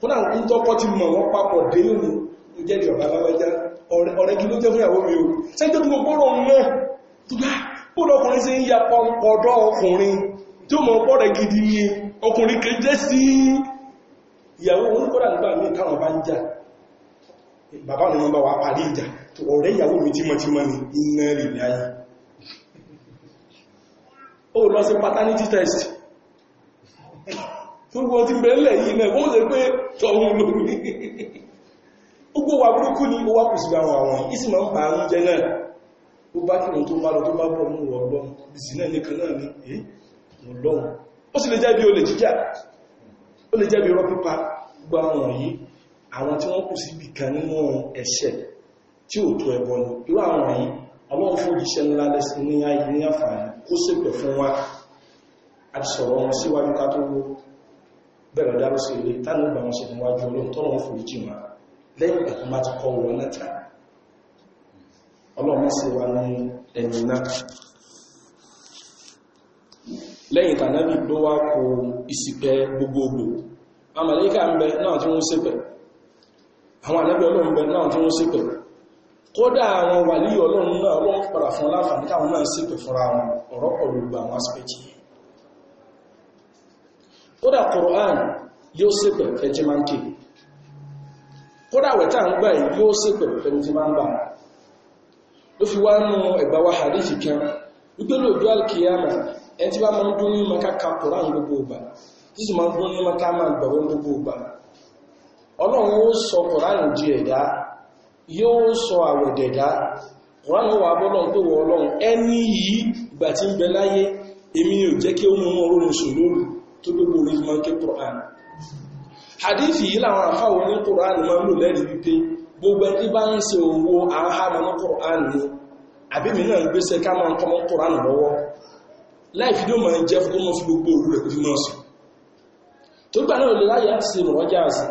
kódà ń tọ́kọ́ ti mọ̀ wọ́n papọ̀ dé lónìí ó jẹ́ ìjọba alábájá ọ̀rẹ́ kí ló jẹ́ fún ìyàwó mi o sẹ́jọ́ tó gbogbo rọ̀ náà tó gbá bóòdó ọkùnrin sí ya ọ̀dọ́ ọkùnrin tí ni ọkùnrin kejẹ́ sí nígbà míì káwọn bá ń jà bàbá ni wọ́n bá wà parí ìjà tó ọ̀rẹ́ ìyàwó mi tímọ́tímọ́ ni iná lè láyé ó lọ sí paternity test gbogbo ti bẹ̀rẹ̀ yìí náà wọ́n lè pé tọ́hun lórí gbogbo wà burúkú ni ó wá kù àwọn àwọn ìsìnmọ̀ ń pa àrùn jẹ náà ó bá kìrùn tó bá lọ tó bá àwọn tí wọ́n kù sí ibì kan nínú ẹ̀ṣẹ̀ tí ò tó ẹbọ ni irú àwọn yìí ọlọ́run fún òjíṣẹ́ ńlá lẹ́sìn ní ayé ní àǹfààní kó ṣèpẹ̀ fún wa àti sọ̀rọ̀ wọn síwájú ká tó bẹ̀rẹ̀ dáró sí ilé tánú ìgbà wọn sì níwájú ọlọ́run tọ́nà wọn fòrí jìmá lẹ́yìn ìgbà tó má ti kọ́ wọn lẹ́ta ọlọ́run sì wá ní ẹ̀yìn náà lẹ́yìn tànábì àwọn ànábì ọlọ́run bẹ̀rẹ̀ náà tí wọ́n sí pẹ̀ kódà àwọn wàlí ọlọ́run náà ọlọ́run padà fún láǹfààní káwọn náà sí pẹ̀ fúnra wọn ọ̀rọ̀ pọ̀lú gbà wọn aspect kódà Qur'an yóò sí pẹ̀ ẹjẹ́ máa ń ké kódà wẹ̀tà ń gbà yóò sí pẹ̀ ẹni tí máa ń gbà ló fi wá nú ẹgbà wa hadith kan ọlọ́run ó sọ kọ̀ránù di ẹ̀dá yóò sọ àwẹ̀dẹ̀dá kọ̀ránù wà bọ́lọ̀ pé wọ ọlọ́run ẹni yìí ìgbà tí ń bẹ láyé èmi ò jẹ́ kí ó mú mọ́ orí oṣù lóru tó gbogbo orí mọ́ kí kọ̀rán hadith yìí làwọn àfáwọn ní kọ̀rán máa ń lò lẹ́rìí wípé gbogbo ẹni bá ń ṣe owó àhámọ́ ní kọ̀rán ni àbí mi náà gbéṣẹ́ ká máa ń kọ́ mọ́ kọ̀rán lọ́wọ́ láì fi máa ń jẹ́ fún gbogbo òru rẹ̀ kó fi máa sùn tó gbà náà lè láyé àti ṣe ìrànwọ́jà àsìn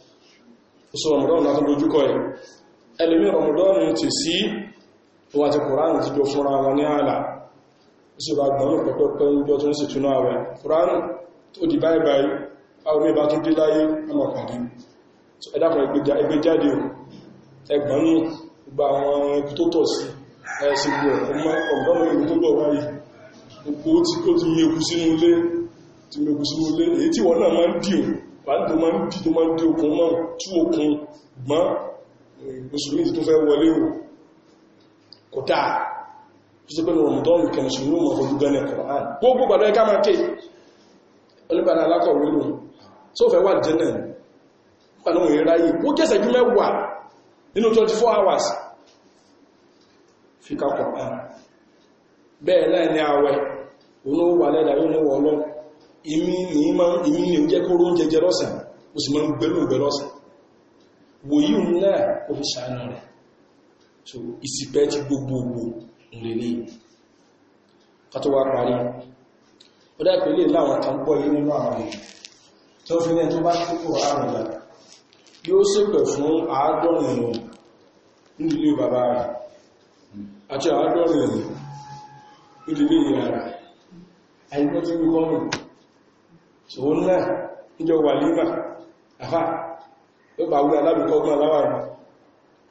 oṣù ramadan látọ́ lójúkọ ẹ̀ ẹlùmí ramadan ti sí wà ti kùránì ti jọ fúnra wọn ní ààlà oṣù bá gbọ́nù pẹ̀pẹ̀pẹ̀ ìjọ tó ń di báyìí àwọn mẹ́bá tún dé láyé ọmọkàdé ẹ̀dàkùn ẹgbẹ́jáde ẹgbọ́nù gba àwọn ibi tó tọ̀ sí ẹ̀ṣìgbò ọ̀gbọ́nù ibi tó bọ̀ wáyé gbogbo tí ó ti mẹ́kù sínú ilé èyí tí wọ́n náà máa ń dìun pàdé ma ń dì tó ma ń dé okun mọ́ tú okun gbọ́n musulmi tó fẹ́ wọlé o kò dáa tó sì pẹ́lú ọmọdọ́rùn kẹ musulmi mọ̀ fojú gan ní Kùránì gbogbo gbàdọ̀ ẹka máa ké olúbàdà alákọ̀wé lò tó fẹ́ wà jẹ́ náà pàdé òun ìráyè ó kẹsẹ̀ jú mẹ́wàá nínú 24 hours fi ka Kùránì bẹ́ẹ̀ náà ni àwẹ̀ òun ó wà lẹ́dà yóò ní wọ́ ọlọ́run èmi ní ń jẹ́ kóró ń jẹjẹ lọ́sàn ó sì máa ń gbẹ́lú ìgbẹ́ lọ́sàn wòyí òun náà ó fi ṣàánà rẹ̀ so ìsìpẹ́ ti gbogbogbò ìrìnlẹ̀ kátọ́wà parí ó dá ìpínlẹ̀ láwọn kan gbọ́ ilé nínú àwọn èèyàn tó fi ní tó bá ṣíkò àrùn ìyá yóò ṣépẹ̀ fún àádọ́rin èèyàn nílé bàbá rẹ̀ àti àádọ́rin èèyàn nílé ṣòun náà níjọ wà límà àfà yóò bá wí alábùkọ́ ọgbọ́n aláwàrí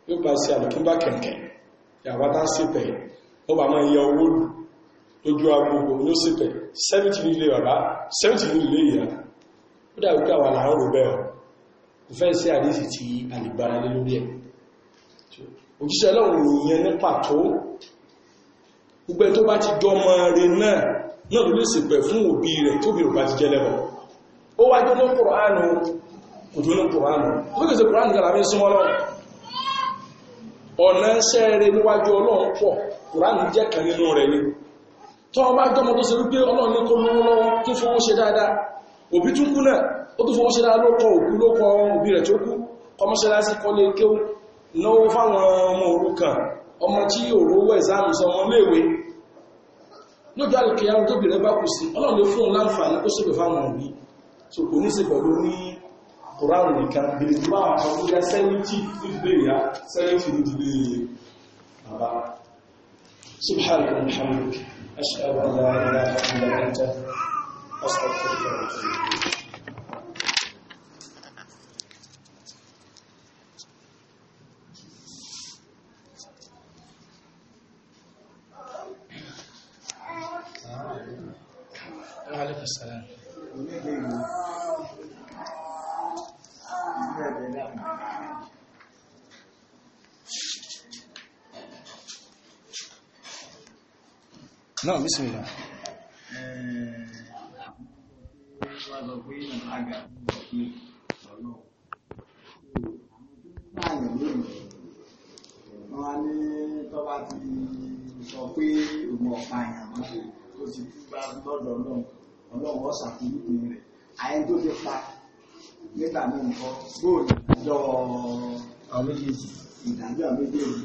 yóò bá sí àlùkínbà kẹ̀kẹ̀ yàwátá sípẹ̀ ó bá máa yẹ owó lójú agbogbo ló sípẹ̀ 70 nílé bàbá 70 nílé ìyá ó dà wípé àwọn àlàrán rò bẹ́ẹ̀ kò fẹ́ sí àdísì ti àlìgbára lé lórí ẹ̀ òjíṣẹ́ lọ́rùn ìyẹn ní pàtó gbogbo tó bá ti dọ́mọ rẹ̀ náà yóò ló sì pẹ̀ fún òbí rẹ̀ tó bí òbá ti jẹ́ lẹ́bọ̀ ó wá jẹ́ lóun kòránù kò tó lóun kòránù ó kèsè kòránù kàlà mí súnmọ́ lọ́wọ́ ọ̀nà iṣẹ́ rẹ̀ níwájú ọlọ́run pọ̀ kòránù jẹ́ kan nínú rẹ̀ ni tó ọba jọmọ tó ṣe wípé ọlọ́run ní kó lówó lọ́wọ́ tó fowó ṣe dáadáa òbí tún kú náà òkú ló òbí rẹ̀ tó kú kọmọṣẹ́lásí kọlé kéwù náwó fáwọn ọmọ òrukàn ọmọ tí òrówó ẹ̀sáàmù sọ ọmọ léèwé lójú àlùkè àwọn tóbi rẹ bá kù sí ọlọ́run ló fún un láǹfààní ó ṣègbè fáwọn òbí so kò ní sí pẹ̀lú ní kòránù nìkan bèrè tó bá àwọn ọmọ ìyá sẹ́yìntì nídìlé ìyá sẹ́yìntì nídìlé bàbá subhanahu wa ta'ala ashhadu an la ilaha illa anta astaghfiruka wa atubu ilayk náà bísmìlá wọ́n ní tọ́bá ti sọ pé òun ọ̀pá ìyàmọ́ tó ti bá lọ́dọ̀ ọlọ́run ọlọ́run ọ̀sà fún ìpín rẹ̀ àyẹn tó fi pa nígbà ní nǹkan bóòlù ìdájọ́ méjèèjì ìdájọ́ méjèèjì